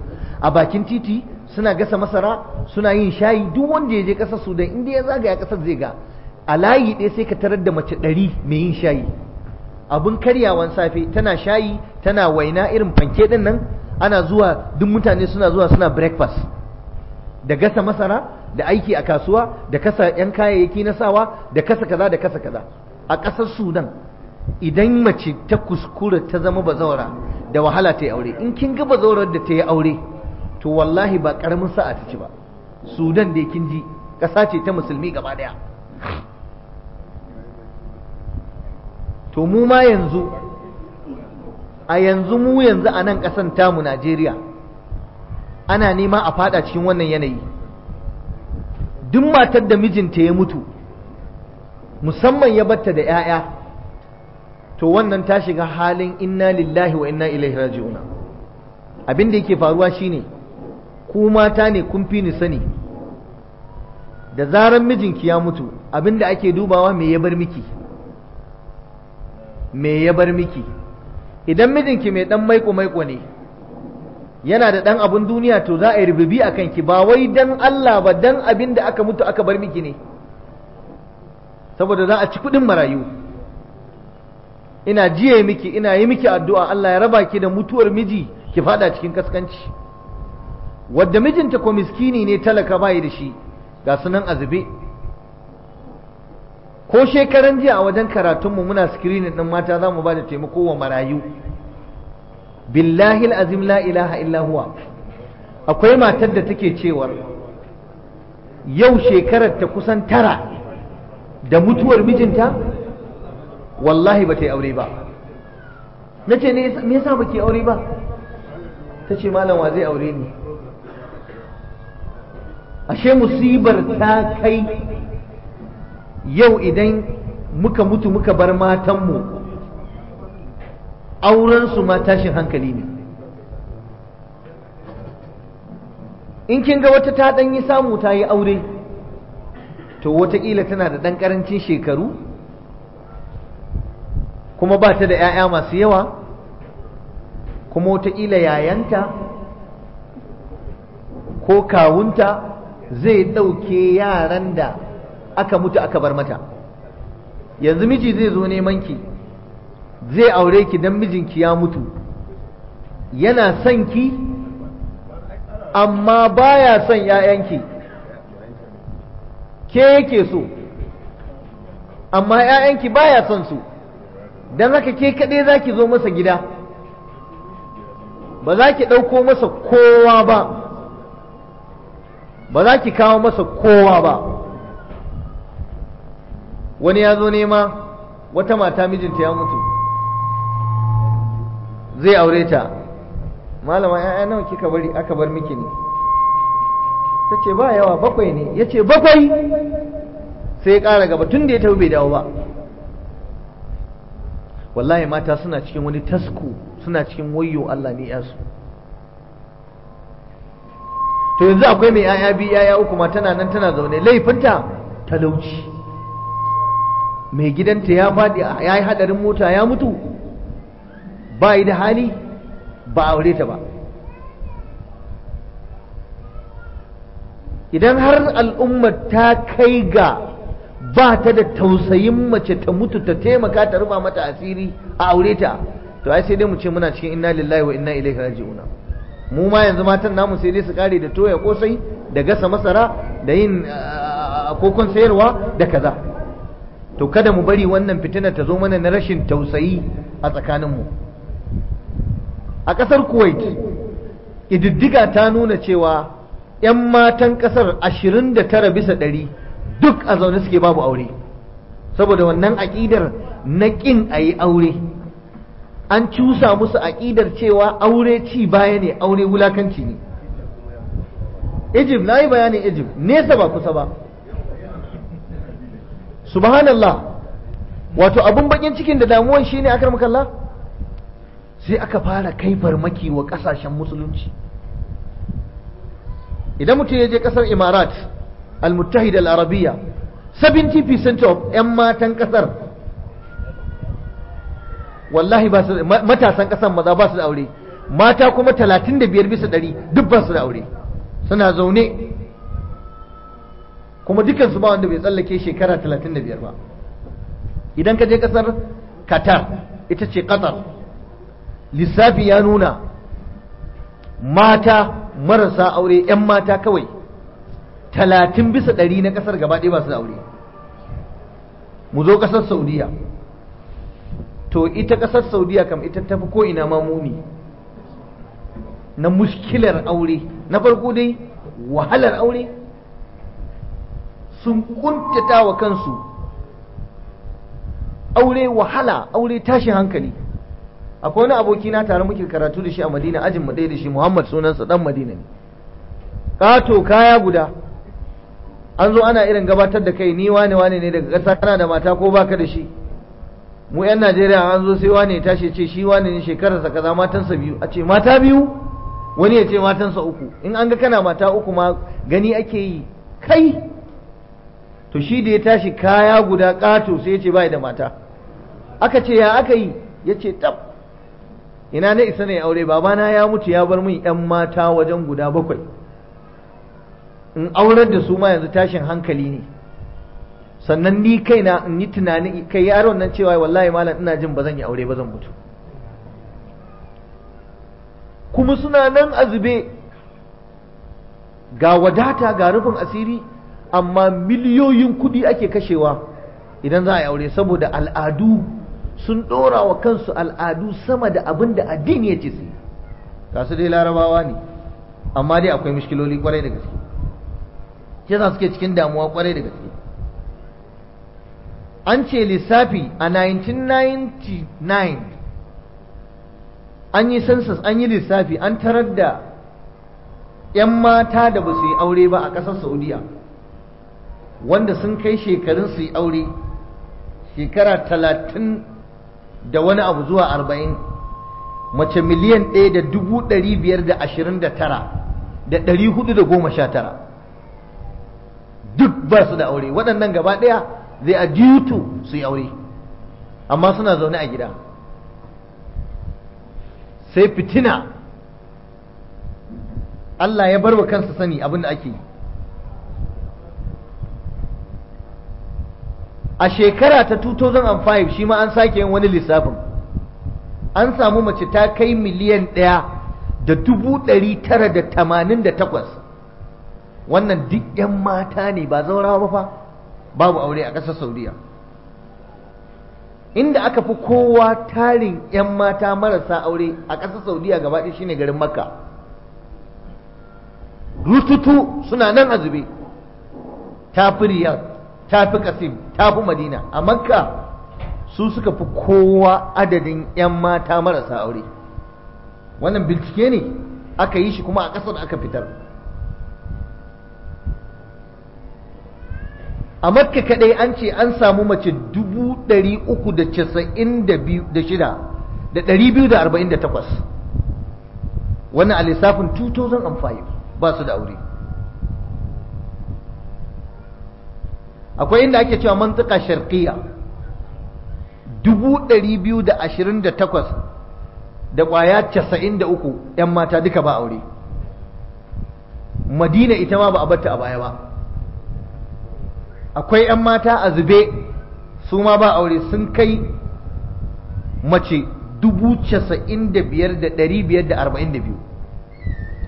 a bakin titi suna gasa masara suna yin shayi duk wanda ya je ƙasar sudan inda ya zagaya ƙasar zai ga a layi ɗaya sai ka tarar da mace ɗari mai yin shayi abin karyawan safe tana shayi tana waina irin fanke ɗin nan ana zuwa duk mutane suna zuwa suna breakfast da gasa masara da aiki a kasuwa da kasa yan kayayyaki na sawa da kasa kaza da kasa kaza a ƙasar sudan idan mace ta kuskura ta zama bazawara da wahala ta yi aure in kin ga bazawarar da ta yi aure to wallahi ba ƙaramin sa'a ta ci ba sudan da kin ji ƙasa ce ta musulmi gaba ɗaya to mu ma yanzu a yanzu mu yanzu a nan ƙasan tamu najeriya ana nema a fada cikin wannan yanayi duk matar da mijinta ya mutu musamman ya batta da 'ya'ya to wannan ta shiga halin inna lillahi wa inna ilaihi raji'una abin da yake faruwa shine ku mata ne kun fi ni sani da zaran mijinki ya mutu abin da ake dubawa me ya bar miki me ya bar miki idan mijinki mai dan maiko maiko ne yana da ɗan abin duniya to za a yi rububi a kanki ba wai dan Allah ba dan abin da aka mutu aka bar miki ne saboda za a ci kuɗin marayu ina jiye miki ina yi miki addu'a Allah ya raba ki da mutuwar miji ki fada cikin kaskanci wadda mijinta ko miskini ne talaka bayi da shi ga sunan azube ko shekaran jiya a wajen karatunmu muna screening ɗin mata za mu ba da taimako wa marayu billahi azim la ilaha illa huwa akwai matar da take cewar yau shekarar ta kusan tara da mutuwar mijinta wallahi ba ta yi aure ba na ce me yasa ba ke aure ba ta ce malam wa zai aure ni ashe musibar ta kai yau idan muka mutu muka bar matanmu Aurensu su ma tashin hankali ne in kin ga wata ta ɗan yi samu ta yi aure to wataƙila tana da ɗan ƙarancin shekaru kuma ba ta da 'ya'ya masu yawa kuma wataƙila yayanta ko kawunta zai ɗauke yaran da aka mutu aka bar mata yanzu miji zai zo neman ki zai aure ki dan mijinki ya mutu yana son ki amma baya son ‘ya'yanki ke yake so amma ‘ya'yanki baya son su don haka ke kaɗai za ki zo masa gida ba za ki ɗauko masa kowa ba ba za ki kawo masa kowa ba wani ya zo nema wata mata mijinta ya mutu zai aure ta malama ya'ya nawa kika bari aka bar miki ne ta ce ba yawa bakwai ne ya ce bakwai sai ya ƙara gaba tun da ya tafi bai dawo ba wallahi mata suna cikin wani tasku suna cikin wayo Allah ne ya su. to yanzu akwai mai yaya biyu yaya uku ma tana nan tana zaune laifinta talauci mai gidanta ya faɗi ya yi hadarin mota ya mutu ba yi da hali ba aure ta ba idan har al'umma ta kai ga ba ta da tausayin mace ta mutu ta taimaka ta rufa mata asiri a aure ta to ai sai dai mu ce muna cikin inna lillahi wa inna ilaihi raji'una mu ma yanzu matan namu sai dai su kare da toya kosai da gasa masara da yin kokon sayarwa da kaza to kada mu bari wannan fitina ta zo mana na rashin tausayi a tsakaninmu mu a ƙasar kuwait ƙididdiga ta nuna cewa 'yan matan ƙasar 29 bisa ɗari duk a zaune suke babu aure saboda wannan aƙidar na ƙin a yi aure an cusa musu aƙidar cewa aure ci baya ne aure wulakanci ne Ijib na yi bayanin Ijib, nesa ba kusa ba subhanallah wato abin bakin cikin da damuwan ne akar makalla sai aka fara kai farmaki wa kasashen musulunci idan mutum ya je kasar imarat al-muttahid al-arabiya 70% of 'yan matan kasar wallahi ba su matasan kasar maza ba su da aure mata kuma 35 bisa ɗari duk ba su da aure suna zaune kuma dukansu ba wanda bai tsallake shekara 35 ba idan ka je kasar qatar ita ce qatar lissafi ya nuna mata marasa aure 'yan mata kawai talatin bisa ɗari na ƙasar gaba ɗaya ba su da aure mu zo ƙasar saudiya to ita ƙasar saudiya kam ita ta fi ko'ina ma na muskilar aure na farko dai wahalar aure sun kuntata wa kansu aure wahala aure tashi hankali akwai wani aboki na tare muke karatu da shi a Madina ajin mu da shi Muhammad sunansa dan Madina ne kato kaya guda an zo ana irin gabatar da kai ni wane wane ne daga ƙasa kana da mata ko baka da shi mu yan Najeriya an zo sai wane ya tashi ce shi wane ne shekararsa kaza matansa biyu a ce mata biyu wani ya ce matansa uku in an ga kana mata uku ma gani ake yi kai to shi da ya tashi kaya guda kato sai ya ce bai da mata aka ce ya aka yi ya ce tab ina na isa ne aure babana ya mutu ya bar min yan mata wajen guda bakwai in aurar da su ma yanzu tashin hankali ne sannan ni kaina in yi tunanin kai yaron nan cewa wallahi malam ina jin ba zan yi aure ba zan mutu kuma suna nan azube ga wadata ga rufin asiri amma miliyoyin kudi ake kashewa idan za a yi aure saboda al'adu sun ɗora wa kansu al'adu sama da abin da addini ya ce su ga su dai larabawa ne amma dai akwai mushkiloli kwarai da gaske ke za suke cikin damuwa kwarai da gaske an ce lissafi a 1999 an yi census an yi lissafi an tarar da 'yan mata da ba su yi aure ba a ƙasar saudiya wanda sun kai shekarun su yi aure shekara talatin da wani abu zuwa arba'in mace miliyan ɗaya da dubu ɗari biyar da ashirin da tara da ɗari hudu da goma sha tara duk ba su da aure waɗannan gaba ɗaya zai a su yi aure amma suna zaune a gida sai fitina Allah ya bar wa kansa sani abin da ake yi a shekara ta 2005 shi ma an sake yin wani lissafin an samu mace ta kai miliyan ɗaya da dubu ɗari tara da tamanin da takwas wannan duk 'yan mata ne ba zaurawa ba fa babu aure a ƙasar saudiya inda aka fi kowa tarin 'yan mata marasa aure a ƙasar saudiya gaba ɗaya shine garin maka, rututu suna nan azube ta fi riyad ta fi kasim ta fi madina a makka su suka fi kowa adadin 'yan mata marasa aure wannan bincike ne aka yi shi kuma a ƙasar aka fitar a makka kadai an ce an samu mace 396,248 wannan a lissafin 2005 ba su da aure akwai inda ake cewa mantuka sharqiyya 228 da kwaya 93 'yan mata duka ba aure madina ita ma ba a batta a baya ba akwai 'yan mata a zube su ma ba aure sun kai mace 95,542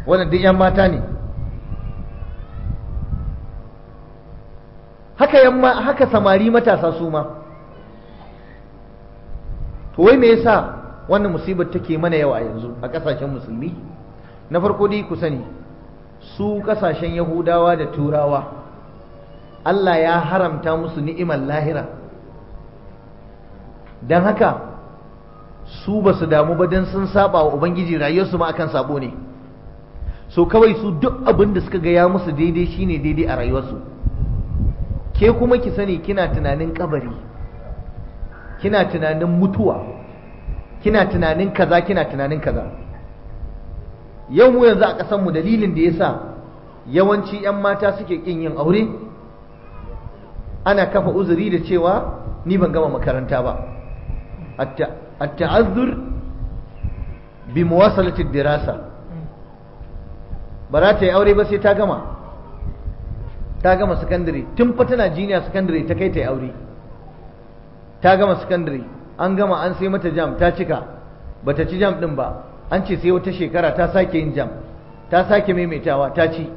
wannan duk 'yan mata ne haka yamma haka samari matasa su ma to wai me yasa wannan musibar take mana yawa yanzu a kasashen musulmi na farko dai ku sani su kasashen yahudawa da turawa Allah ya haramta musu ni'imar lahira don haka su ba su damu ba don sun saba wa ubangiji rayuwarsu ma akan sabo ne so kawai su duk abin da suka ga ya musu daidai shine daidai a rayuwarsu ke kuma ki sani kina tunanin kabari kina tunanin mutuwa kina tunanin kaza kina tunanin kaza yau mu yanzu a ƙasar mu dalilin da yasa yawanci 'yan mata suke ƙin yin aure ana kafa uzuri da cewa ni ban gama makaranta ba A taazzur bi muwasalati dirasa ba za ta yi aure ba sai ta gama ta gama sakandare tun fa tana jiniya sakandare ta kai ta aure ta gama sakandare an gama an sai mata jam ta cika bata ci jam din ba an ce sai wata shekara ta sake yin jam ta sake maimaitawa ta ci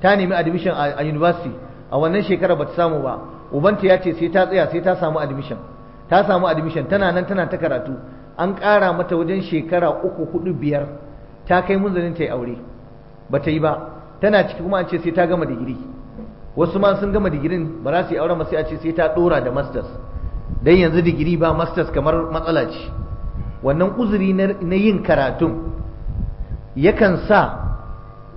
ta nemi admission a university a wannan shekara bata samu ba ubanta ya ce sai ta tsaya sai ta samu admission ta samu admission tana nan tana ta karatu an ƙara mata wajen shekara uku hudu biyar ta kai munzalin ta yi aure bata yi ba tana ciki kuma an ce sai ta gama digiri wasu ma sun gama digirin ba za su yi auren sai a ce sai ta dora da masters dan yanzu digiri ba masters kamar matsala ce wannan uzuri na yin karatun yakan sa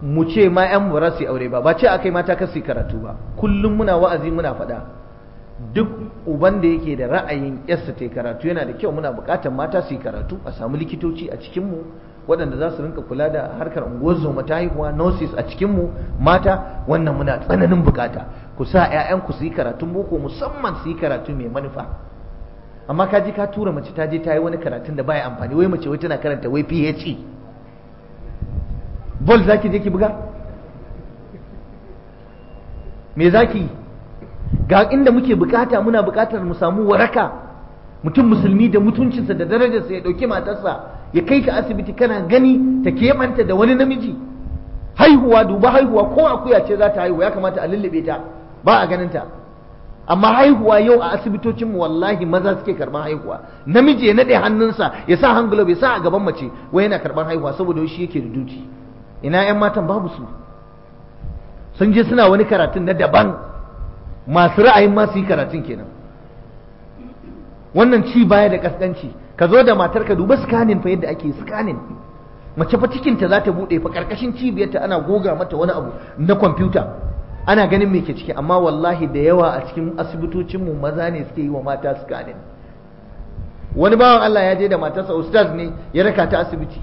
mu ce ma yan ba za su yi aure ba ba ce akai mata kasu karatu ba kullum muna wa'azi muna faɗa duk uban da yake da ra'ayin yarsa ta karatu yana da kyau muna buƙatar mata su yi karatu a samu likitoci a cikin mu waɗanda za su rinka kula da harkar unguwar ta haihuwa nurses a cikinmu mata wannan muna tsananin bukata ku sa 'ya'yanku su yi karatun boko musamman su yi karatu mai manufa amma ka ji ka tura mace ta je ta yi wani karatun da baya amfani wai mace wai tana karanta wai PhD e. bol zaki je ki buga me zaki ga inda muke bukata muna bukatar mu samu waraka mutum musulmi da mutuncinsa da darajarsa ya dauki matarsa ya kai ta asibiti kana gani ta banta da wani namiji haihuwa duba haihuwa ko akuya ce za ta haihuwa? ya kamata a lullube ta ba a ganin ta amma haihuwa yau a asibitocinmu wallahi maza suke karban haihuwa namiji ya naɗe hannunsa ya sa hand glove ya sa a gaban mace wai yana karban haihuwa saboda shi yake da duti ina yan matan babu su sun je suna wani karatun na daban masu ra'ayin masu yi karatun kenan wannan ci baya da kaskanci ka zo da matar ka duba scanning fa yadda ake scanning mace fa cikin ta za ta bude fa karkashin cibiyarta ana goga mata wani abu na kwamfuta ana ganin me ke ciki amma wallahi da yawa a cikin asibitocin mu maza ne suke yi wa mata scanning wani bawan Allah ya je da matarsa ustaz ne ya raka ta asibiti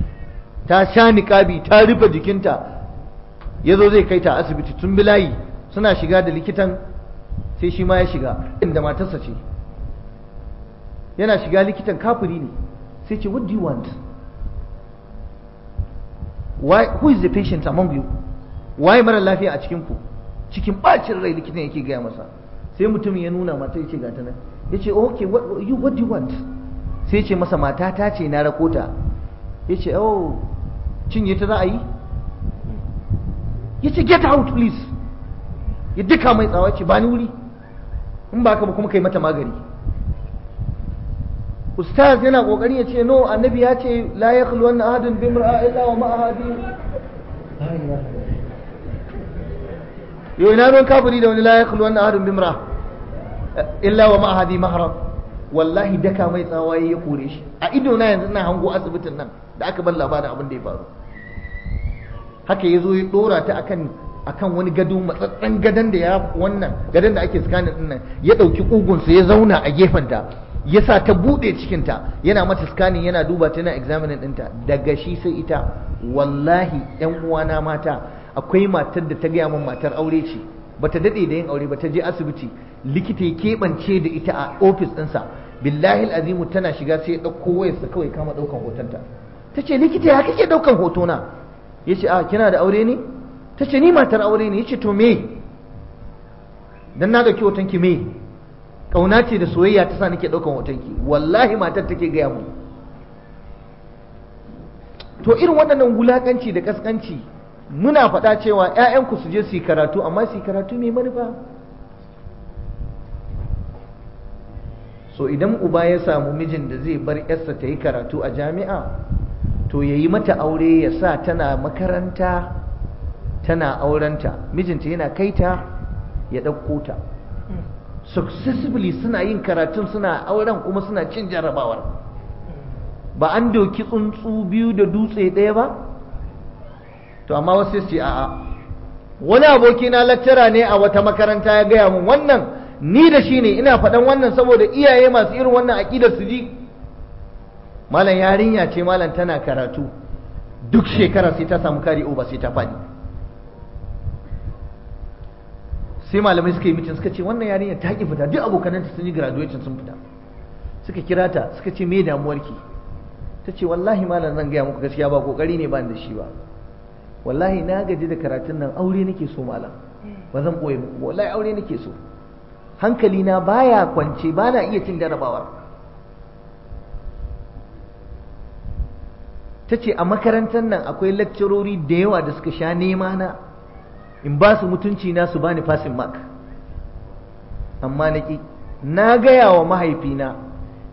ta sha niqabi ta rufe jikinta yazo zai kai ta asibiti tun bilayi suna shiga da likitan sai shi ma ya shiga inda matarsa ce yana shiga likitan kafiri ne sai ce what do you want why who is the patient among you waye mara lafiya a cikin ku cikin bacin rai likitan yake gaya masa sai mutum ya nuna mata ya ce gata nan ya ce okay what, you, what do you want sai ce masa mata ta ce na rakota ya ce oh cinye ta za a yi ya ce get out please ya duka mai tsawaci ce ba ni wuri in ba ka ba kuma kai mata magani ustaz yana kokarin ya ce no annabi ya ce la khulu wannan ahadin bi mar'a illa wa ma ahadi yau ina ruwan kafiri da wani la khulu wannan ahadin bi mar'a illa wa ma ahadi mahram wallahi daka mai tsawaye ya kore shi a ido na yanzu ina hango asibitin nan da aka ban labarin abin da ya faru haka ya zo ya dora ta akan akan wani gado matsatsan gadon da ya wannan gadan da ake scanning din nan ya dauki kugunsa ya zauna a gefenta yasa ta bude cikinta yana mata scanning yana duba tana examining ɗinta daga shi sai ita wallahi yan uwana mata akwai matar da ta gaya min matar aure ce Ba ta dade da yin aure ba ta je asibiti likita ya keɓance da ita a ofis ɗinsa billahi azimu tana shiga sai ya ɗauko wayarsa kawai kama ɗaukan hotonta ta ce likita ya kake ɗaukan hotona ya ce a ah, kina da aure ne ta ce ni matar aure ne ya ce to me dan na ɗauki hoton ki me kauna ce da soyayya ta sa nake daukan hotonki wallahi matar take gaya mu to irin waɗannan wulakanci da kaskanci muna faɗa cewa 'ya'yanku su je su yi karatu amma su yi karatu mai manufa so idan uba ya samu mijin da zai bar yarsa ta yi karatu a jami'a to ya yi mata aure ya sa tana makaranta tana aurenta mijinta yana kaita ya ɗauko ta successively suna yin karatun suna auren kuma suna cin jarabawar ba an doki tsuntsu biyu da dutse ɗaya ba to amma wasu ce a'a wani aboki na lattara ne a wata makaranta ya gaya mun wannan ni da shi ne ina faɗan wannan saboda iyaye masu irin wannan aƙidar su ji malam yarinya ce malam tana karatu duk shekara sai ta samu kari ba sai ta faɗi sai malamai suka yi mutum suka ce wannan yarinya ta ki fita duk abokananta sun yi graduation sun fita suka kira ta suka ce me damuwarki ta ce wallahi malam zan gaya muku gaskiya ba kokari ne ba da shi ba wallahi na gaji da karatun nan aure nake so malam ba zan boye muku ba wallahi aure nake so hankali na baya kwance ba na iya cin jarabawar ta ce a makarantar nan akwai lakcirori da yawa da suka sha nema na in ba su mutunci na su bani fasin mark amma na ki na gaya wa mahaifina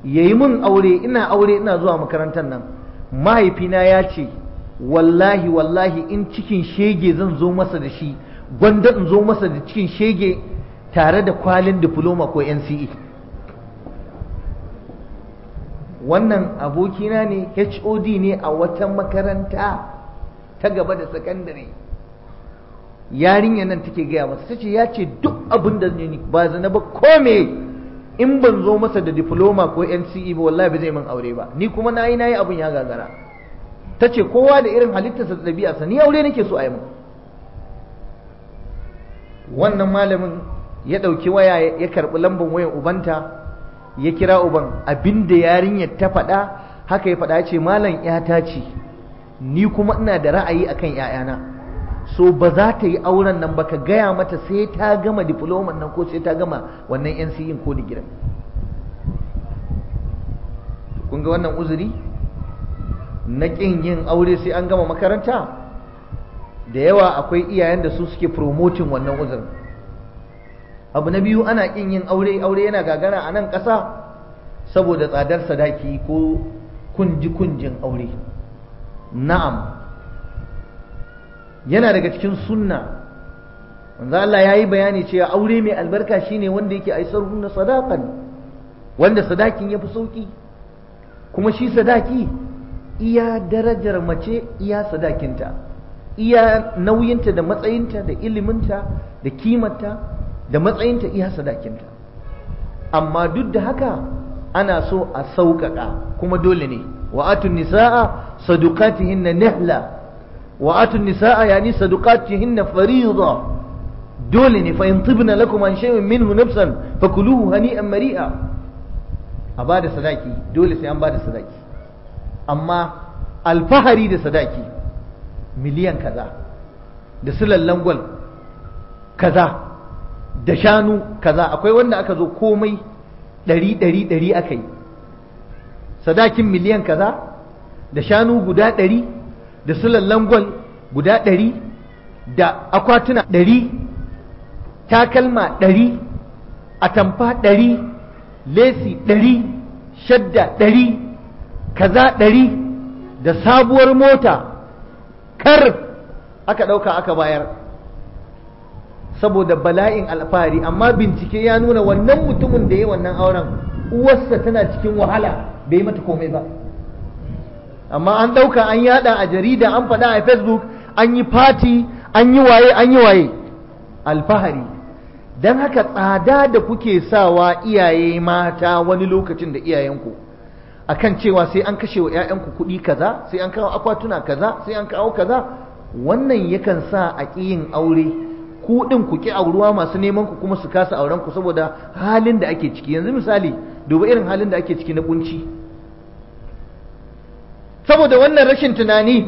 ya yi min aure ina aure ina zuwa makarantar nan mahaifina ya ce wallahi wallahi in cikin shege zan zo masa da shi gwanda in zo masa da cikin shege tare da kwalin diploma ko nce wannan abokina ne hod ne a wata makaranta ta gaba da sakandare yarinyar nan take gaya masa ce ya ce duk abin da ne ba zana ba ko in ban zo masa da diploma ko NCE ba wallahi ba zai min aure ba ni kuma nayi nayi abin ya gagara tace kowa da irin halittarsa da ɗabi'arsa ni aure nake so a yi min wannan malamin ya ɗauki waya ya karɓi lambar wayan ubanta ya kira uban abinda da yarinyar ta faɗa haka ya faɗa ce malam 'yata ce ni kuma ina da ra'ayi akan 'ya'yana so ba za ta yi auren nan ba ka gaya mata sai ta gama diploman nan ko sai ta gama wannan 'yan siyin e ko digira. kun ga wannan uzuri na ƙin yin aure sai an gama makaranta da yawa akwai iyayen da su suke promoting wannan uzurin abu na biyu ana ƙin yin aure aure yana gagara a nan ƙasa saboda tsadar sadaki ko kunji kunjin aure na'am yana daga cikin sunna wanda Allah yi bayani cewa aure mai albarka shine wanda yake aisar hunna sadakan wanda sadakin ya fi sauki kuma shi sadaki iya darajar mace iya sadakinta iya nauyinta da matsayinta da iliminta da kimarta da matsayinta iya sadakinta amma duk da haka ana so a sauƙaƙa kuma dole ne wa atun nisa'a na nihla wa atun nisaa yani sadaqatihinna fariida dole ne fa in tibna lakum an shay'in minhu nafsan fakuluhu hani'an mari'a a bada sadaki dole sai an bada sadaki amma alfahari da sadaki miliyan kaza da sulallan gwal kaza da shanu kaza akwai wanda aka zo komai ɗari ɗari ɗari aka yi sadakin miliyan kaza da shanu guda ɗari da sulallangon gwal guda ɗari da akwatuna ɗari takalma ɗari atamfa ɗari lesi ɗari shadda ɗari kaza ɗari da sabuwar mota kar aka ɗauka aka bayar saboda bala'in alfahari amma bincike ya nuna wannan mutumin da ya wannan auren uwarsa tana cikin wahala bai mata komai ba amma an ɗauka an yada a jarida an faɗa a facebook an yi fati an yi waye an yi waye alfahari don haka tsada da kuke sawa iyaye mata wani lokacin da iyayenku akan cewa sai an kashe wa 'ya'yanku kuɗi kaza sai an kawo akwatuna kaza sai an kawo kaza wannan yakan sa a ƙiyin aure ku ɗin ku ƙi auruwa masu neman ku kuma su kasa auren ku saboda halin da ake ciki yanzu misali duba irin halin da ake ciki na kunci. saboda wannan rashin tunani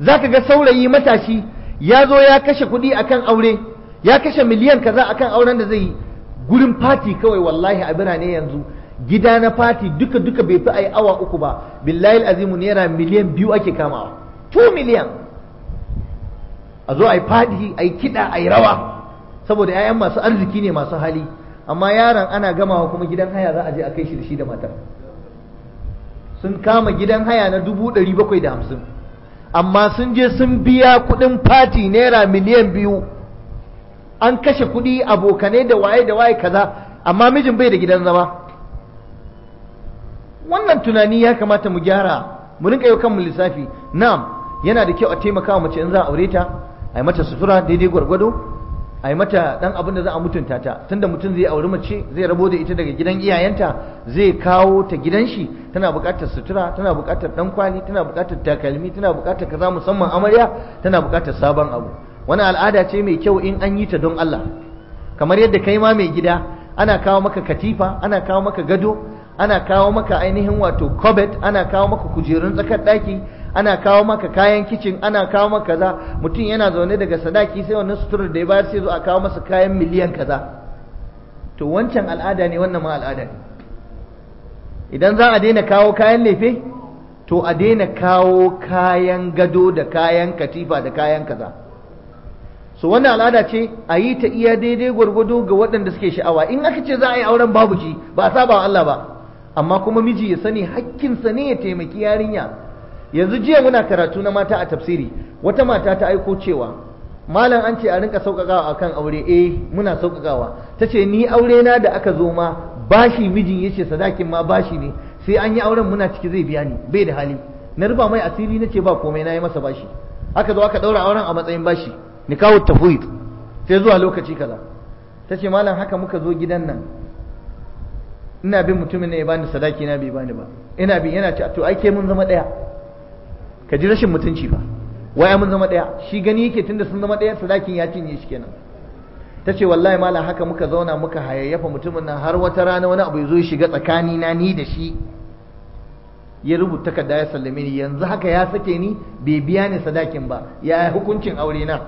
za ka ga saurayi matashi ya zo ya kashe kuɗi akan aure ya kashe miliyan kaza akan auren da zai yi gurin fati kawai wallahi a birane yanzu gida na fati duka duka bai fi a yi awa uku ba billahi azimu naira miliyan biyu ake kamawa 2 miliyan a zo a yi fadi a yi kiɗa a rawa saboda 'ya'yan masu arziki ne masu hali amma yaron ana gamawa kuma gidan haya za a je a kai shi da shi da matar sun kama gidan haya na dubu ɗari bakwai da hamsin amma sun je sun biya kuɗin fati naira miliyan biyu an kashe kuɗi abokanai da waye da waye kaza amma mijin bai da gidan zama wannan tunani ya kamata mu gyara mu rinka yau kanmu lissafi na'am yana da kyau a taimaka mace in za a aure ta a yi mata sutura daidai gwargwado a yi mata ɗan abin da za a mutunta ta tunda mutum zai auri mace zai rabo da ita daga gidan iyayenta zai kawo ta gidan shi tana buƙatar sutura tana buƙatar ɗan kwali tana buƙatar takalmi tana buƙatar kaza musamman amarya tana buƙatar sabon abu wani al'ada ce mai kyau in an yi ta don Allah kamar yadda kai ma mai gida ana kawo maka katifa ana kawo maka gado ana kawo maka ainihin wato cobet ana kawo maka kujerun tsakar ɗaki ana kawo maka kayan kicin ana kawo maka kaza mutum yana zaune daga sadaki sai wannan suturar da ya bayar sai zo a kawo masa kayan miliyan kaza to wancan al'ada ne wannan ma al'ada ne idan za a daina kawo kayan lefe to a daina kawo kayan gado da kayan katifa da kayan kaza so wannan al'ada ce a yi ta iya daidai gwargwado ga waɗanda suke sha'awa in aka ce za a yi auren babu shi ba a saba wa Allah ba amma kuma miji ya sani hakkinsa ne ya taimaki yarinya yanzu jiya muna karatu na mata a tafsiri wata mata ta aiko cewa malam an ce a rinka sauƙaƙawa a kan aure eh muna sauƙaƙawa ta ce ni aure na da aka zo ma bashi mijin ya ce sadakin ma bashi ne sai an yi auren muna ciki zai biya ni bai da hali na ruba mai asiri na ce ba komai na yi masa bashi aka zo aka ɗaura auren a matsayin bashi ni kawo tafuit sai zuwa lokaci kaza ta ce malam haka muka zo gidan nan ina bin mutumin ne ya bani sadaki na bai bani ba ina bin yana ce to ai ke mun zama ɗaya ka ji rashin mutunci ba waya mun zama daya shi gani yake tunda sun zama daya sadakin ya cinye shi kenan ta ce wallahi mallam haka muka zauna muka hayayyafa mutumin nan har wata rana wani abu ya zo shiga tsakani na ni da shi ya rubuta da ya sallame ni yanzu haka ya sake ni bai biya ni sadakin ba ya hukuncin aure na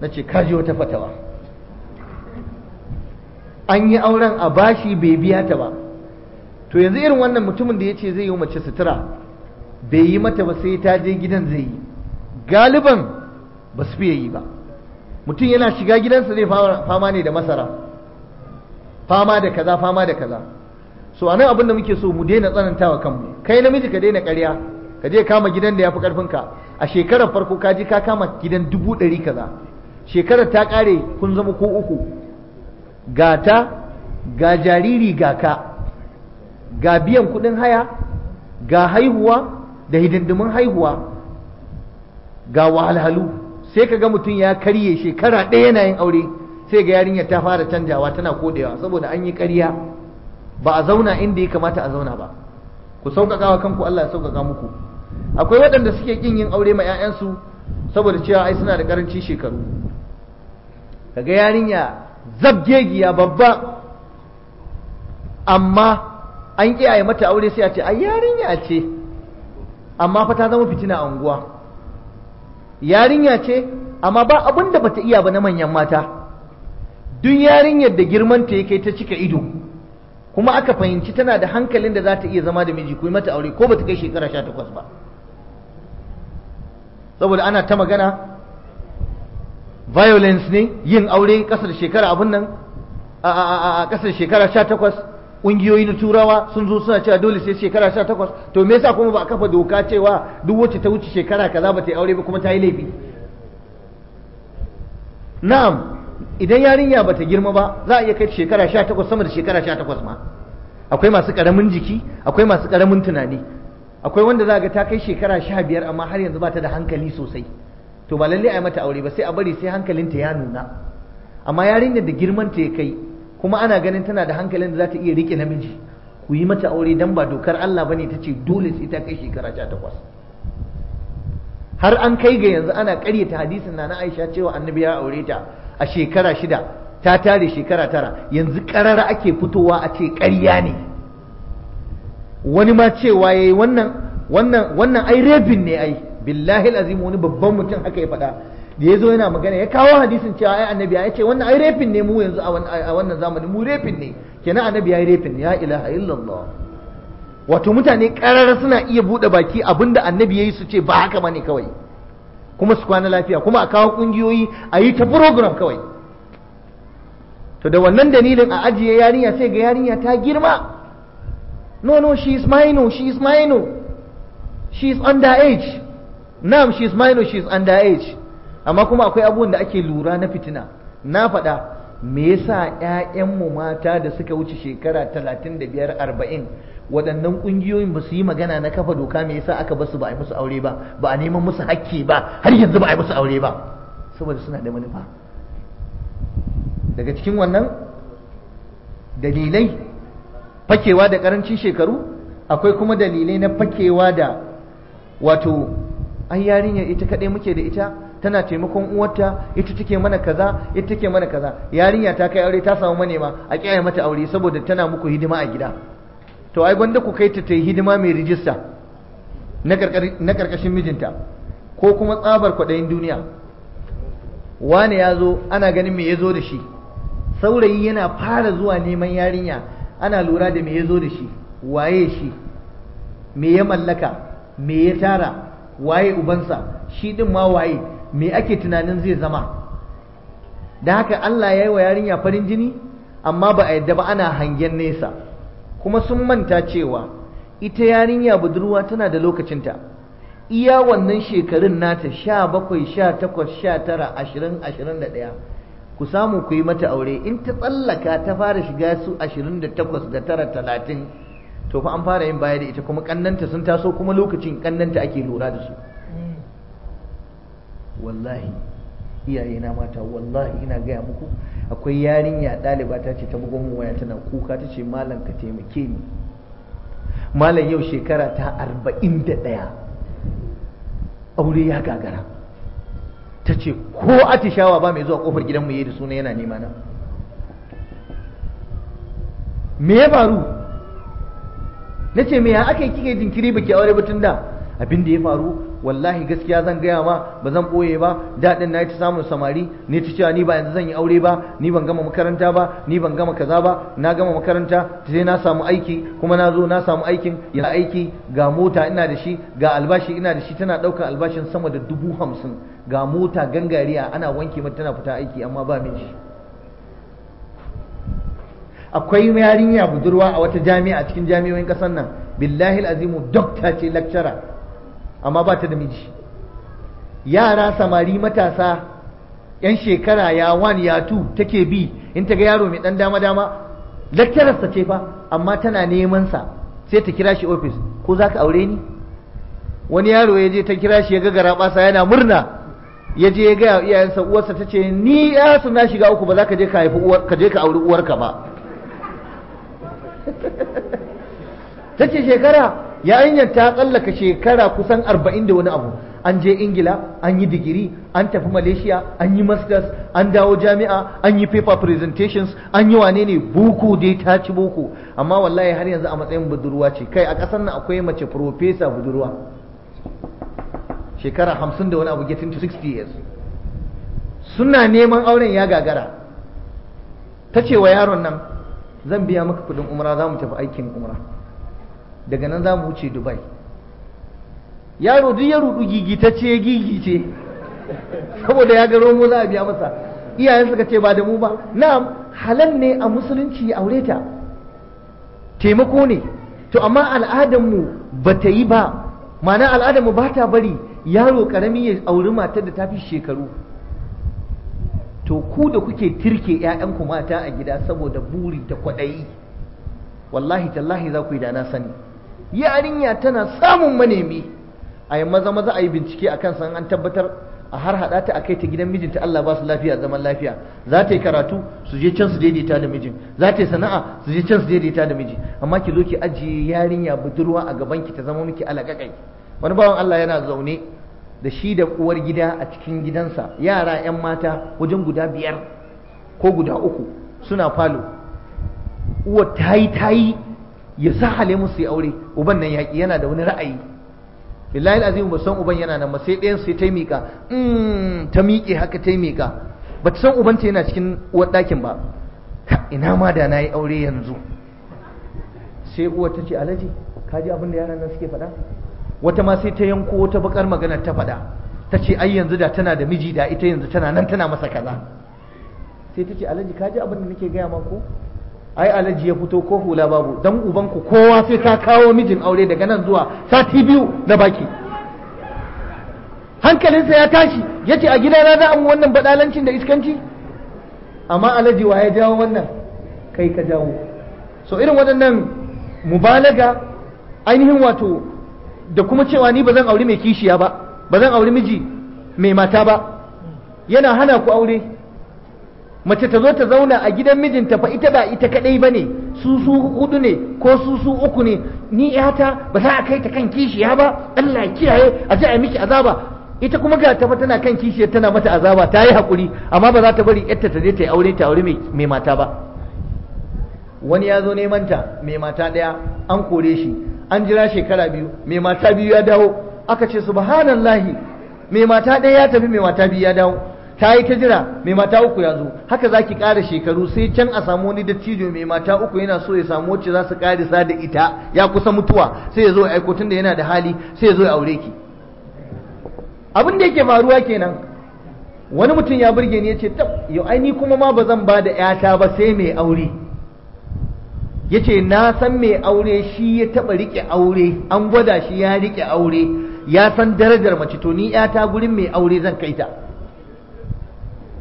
na ce kaji wata fatawa an yi auren a bashi bai biya ta ba to yanzu irin wannan mutumin da ya ce zai yi mace sutura bai yi mata ba sai ta je gidan zai yi galiban ba su fiye yi ba mutum yana shiga gidansa zai fama ne da masara fama da kaza fama da kaza so a abin da muke so mu daina tsananta wa kanmu kai namiji ka daina karya ka je kama gidan da ya fi ƙarfinka a shekarar farko ka je ka kama gidan dubu ɗari kaza shekarar ta ƙare kun zama ko uku ga ta ga jariri ga ka ga biyan kuɗin haya ga haihuwa da hidindimin haihuwa ga wahalhalu sai ka ga mutum ya karye shekara ɗaya yana yin aure sai ga yarinya ta fara canjawa tana kodewa saboda an yi ƙarya ba a zauna inda ya kamata a zauna ba ku sauƙaƙa wa kanku Allah ya sauƙaƙa muku akwai waɗanda suke ƙin yin aure ma 'ya'yansu saboda cewa ai suna da ƙarancin shekaru kaga yarinya zabgegiya babba amma an ƙi mata aure sai a ce ai yarinya ce amma fa ta zama fitina a unguwa yarinya ce amma ba abin da bata iya ba na manyan mata duk yarinyar da girman ta yake ta cika ido kuma aka fahimci tana da hankalin da za ta iya zama da miji ko mata aure ko bata kai shekara 18 ba saboda ana ta magana violence ne yin aure kasar shekara abun nan a kasar shekara takwas. ƙungiyoyi na turawa sun zo suna cewa dole sai shekara sha takwas to me yasa kuma ba a kafa doka cewa duk wacce ta wuce shekara kaza ba ta yi aure ba kuma ta yi laifi na'am idan yarinya ba ta girma ba za a iya kai shekara sha takwas sama da shekara sha takwas ma akwai masu ƙaramin jiki akwai masu ƙaramin tunani akwai wanda za a ga ta kai shekara sha biyar amma har yanzu ba ta da hankali sosai to ba lallai a yi mata aure ba sai a bari sai hankalinta ya nuna amma yarinyar da girman ta ya kai kuma ana ganin tana da hankalin da za ta iya rike namiji ku yi mata aure dan ba dokar Allah bane ta ce dole sai ta kai shekara sha har an kai ga yanzu ana karyata hadisin na na Aisha cewa annabi ya aure ta a shekara shida ta tare shekara tara yanzu karara ake fitowa a ce ƙarya ne wani ma cewa yayi wannan wannan wannan ai rabin ne ai billahi alazim wani babban mutum haka ya faɗa da yazo yana magana ya kawo hadisin cewa ai annabi ya ce wannan ai refin ne mu yanzu a wannan zamanin mu refin ne kenan annabi ya yi refin ne ya ilaha illallah wato mutane karar suna iya bude baki abinda annabi yayi su ce ba haka bane kawai kuma su kwana lafiya kuma a kawo kungiyoyi a yi ta program kawai to da wannan dalilin a ajiye yarinya sai ga yarinya ta girma no no she is minor she is minor she is underage na'am she is minor she is underage amma kuma akwai abubuwan da ake lura na fitina na faɗa me yasa ƴaƴanmu mata da suka wuce shekara 35-40, waɗannan ƙungiyoyin ba su yi magana na kafa doka me yasa aka basu ba a yi musu aure ba ba a neman musu hakki ba har yanzu ba a yi musu aure ba saboda suna da manufa daga cikin wannan dalilai fakewa da ƙarancin shekaru akwai kuma dalilai na fakewa da wato ai yarinya ita kaɗai muke da ita tana taimakon uwarta ita take mana kaza ita take mana kaza yarinya ta kai aure ta samu manema a kiyaye mata aure saboda tana muku hidima a gida to ai gwanda ku kai ta ta yi hidima mai rijista na karkashin mijinta ko kuma tsabar kwaɗayin duniya wane ya zo ana ganin me ya zo da shi saurayi yana fara zuwa neman yarinya ana lura da me ya zo da shi waye shi me ya mallaka me ya tara waye ubansa shi din ma waye me ake tunanin zai zama da haka Allah ya yi wa yarinya farin jini amma ba a yadda ba ana hangen nesa kuma sun manta cewa ita yarinya budurwa tana da lokacinta iya wannan shekarun nata sha bakwai sha takwas sha tara ashirin ashirin da ɗaya ku samu ku yi mata aure in ta tsallaka ta fara shiga su ashirin da takwas da tara talatin to fa an fara yin baya da ita kuma kannanta sun taso kuma lokacin kannanta ake lura da su wallahi iyaye na mata wallahi ina gaya muku akwai yarinya ɗaliba ta ce ta bugon mu waya tana kuka ta ce malam ka taimake ni malam yau shekara ta arba'in da ɗaya aure ya gagara ta ce ko atishawa ba mai zuwa kofar gidanmu yi da suna yana nema na me ya faru na ce me ya aka yi kike jinkiri baki aure ba tun da abin da ya faru wallahi gaskiya zan gaya ma ba zan boye ba daɗin na ta samun samari ni ta cewa ni ba yanzu zan yi aure ba ni ban gama makaranta ba ni ban gama kaza ba na gama makaranta sai na samu aiki kuma na zo na samu aikin ya aiki ga mota ina da shi ga albashi ina da shi tana ɗaukar albashin sama da dubu hamsin ga mota gangariya ana wanke mata tana fita aiki amma ba min shi akwai yarinya budurwa a wata jami'a cikin jami'o'in ƙasar nan billahi azimu dokta ce lecturer amma ba ta da miji yara samari matasa yan shekara ya wani ya tu take bi in ta ga yaro mai dan dama dama lakcararsa ce fa amma tana neman sa sai ta kira shi ofis ko za ka aure ni wani yaro ya je ta kira shi ya ga garaɓasa yana murna ya je ya gaya iyayensa uwarsa ta ce ni ya su na shiga uku ba za ka je ka haifi uwar ka je ka auri uwarka ba (laughs) ta ce shekara yarinyar ta tsallaka shekara kusan arba'in da wani abu an je ingila an yi digiri an tafi malaysia an yi masters an dawo jami'a an yi paper presentations an yi wane ne boko dai ta ci buku. amma wallahi har yanzu a matsayin budurwa ce kai a ƙasar nan akwai mace profesa budurwa shekara hamsin da wani abu getting to 60 years suna neman auren ya gagara ta ce wa yaron nan zan biya maka kuɗin umra za mu tafi aikin umra daga nan za mu wuce dubai yaro duk ya rudu gigitacce gigice saboda ya ga romo za a biya masa iyayen suka ce ba da mu ba na'am halal ne a musulunci ya aure ta taimako ne to amma al'adarmu ba ta yi ba ma'ana al'adarmu ba ta bari yaro karami ya auri matar da ta fi shekaru to ku da kuke tirke 'ya'yanku mata a gida saboda buri da kwaɗayi wallahi tallahi za ku yi da na sani yarinya tana samun manemi a yi maza maza a yi bincike a kansa an tabbatar a har haɗa ta a kai ta gidan mijinta Allah ba su lafiya zaman lafiya za ta yi karatu su je can su daidaita da mijin za ta yi sana'a su je can su daidaita da miji amma ki zo ki ajiye yarinya budurwa a gaban ki ta zama miki alaƙaƙai wani bawan Allah yana zaune da shi da uwar gida a cikin gidansa yara 'yan mata wajen guda biyar ko guda uku suna falo uwar ta yi ta yi ya sahale musu ya aure uban nan yaƙi yana da wani ra'ayi billahi azim ba san uban yana nan ba sai ɗayan sai ta miƙa ta miƙe haka ta miƙa ba ta san uban ta yana cikin uwar ɗakin ba ina ma da na yi aure yanzu sai uwar ta ce alaji ka ji abin da yaran nan suke faɗa wata ma sai ta yanko wata bakar magana ta faɗa ta ce ai yanzu da tana da miji da ita yanzu tana nan tana masa kaza sai ta ce alaji ka ji abin da nake gaya ma ko ai alaji ya fito ko hula babu dan uban ku kowa sai ta kawo mijin aure daga nan zuwa sati biyu na baki hankalinsa ya tashi yace a gidana za a mu wannan badalancin da iskanci amma alaji wa ya jawo wannan kai ka jawo so irin waɗannan mubalaga ainihin wato da kuma cewa ni bazan zan auri mai kishiya ba bazan zan auri miji mai mata ba yana hana ku aure mace ta zo ta zauna a gidan mijinta fa ita ba ita kadai bane su su hudu ne ko su su uku ne ni yata ba za a kai ta kan kishiya ba Allah ya kiyaye a ji a miki azaba ita kuma ga ta tana kan kishiyar tana mata azaba ta yi hakuri amma ba za ta bari yarta ta je ta yi aure ta aure mai mata ba wani ya zo neman ta mai mata daya an kore shi an jira shekara biyu mai mata biyu ya dawo aka ce subhanallahi mai mata daya ya tafi mai mata biyu ya dawo ta yi ta jira mai mata uku ya zo haka za ki ƙara shekaru sai can a samu wani dattijo mai mata uku yana so ya samu wacce za su ƙarisa da ita ya kusa mutuwa sai ya zo ya aiko tunda yana da hali sai ya zo ya aure ki abin da yake faruwa kenan wani mutum ya burge ni ya ce tab yau ai ni kuma ma ba zan ba da ƴata ba sai mai aure ya ce na san mai aure shi ya taɓa riƙe aure an gwada shi ya riƙe aure ya san darajar mace to ni ƴata gurin mai aure zan kai ta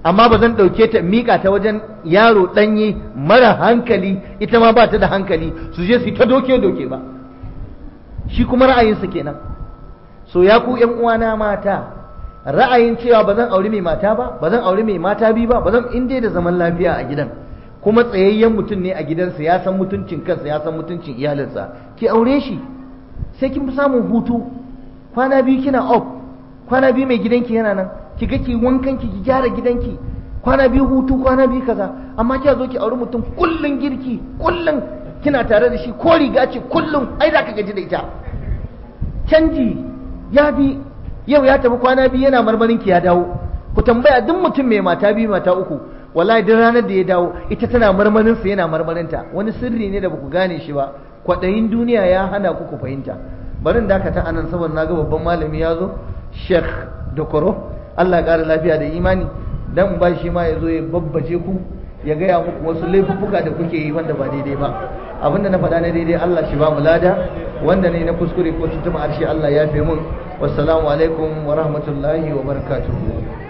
amma ba zan ɗauke ta miƙa ta wajen yaro ɗanye mara hankali ita ma ba ta da hankali su je su ta doke-doke ba shi kuma ra'ayinsa kenan so ya ku ƴan uwana mata ra'ayin cewa ba zan auri mai mata ba ba zan auri mai mata biyu ba ba zan in da zaman lafiya a gidan kuma tsayayyen mutum ne a gidansa ya san mutuncin kansa ya san mutuncin iyalinsa ki aure shi sai kin fi samun hutu kwana biyu kina off kwana biyu mai gidanki yana nan ki ga ki wankan ki ki gyara gidanki kwana biyu hutu kwana biyu kaza amma kina zo ki auri mutum kullun girki kullun kina tare da shi ko riga ce kullun ai za ka gaji da ita canji ya bi yau ya tafi kwana biyu yana marmarin ki ya dawo ku tambaya duk mutum mai mata biyu mata uku wallahi duk ranar da ya dawo ita tana marmarin sa yana ta. wani sirri ne da baku gane shi ba kwaɗayin duniya ya hana ku ku fahimta barin dakata anan saboda na ga babban malami ya zo sheikh dokoro Allah ya ƙara lafiya da imani dan ba shi ma ya zo ya babbace ku ya gaya muku wasu laifuffuka da kuke yi wanda ba daidai ba abinda na faɗa na daidai Allah shi ba mu lada wanda ne na kuskure ko tuntuɓa arshe Allah ya fi mun wassalamu alaikum wa rahmatullahi wa barakatuhu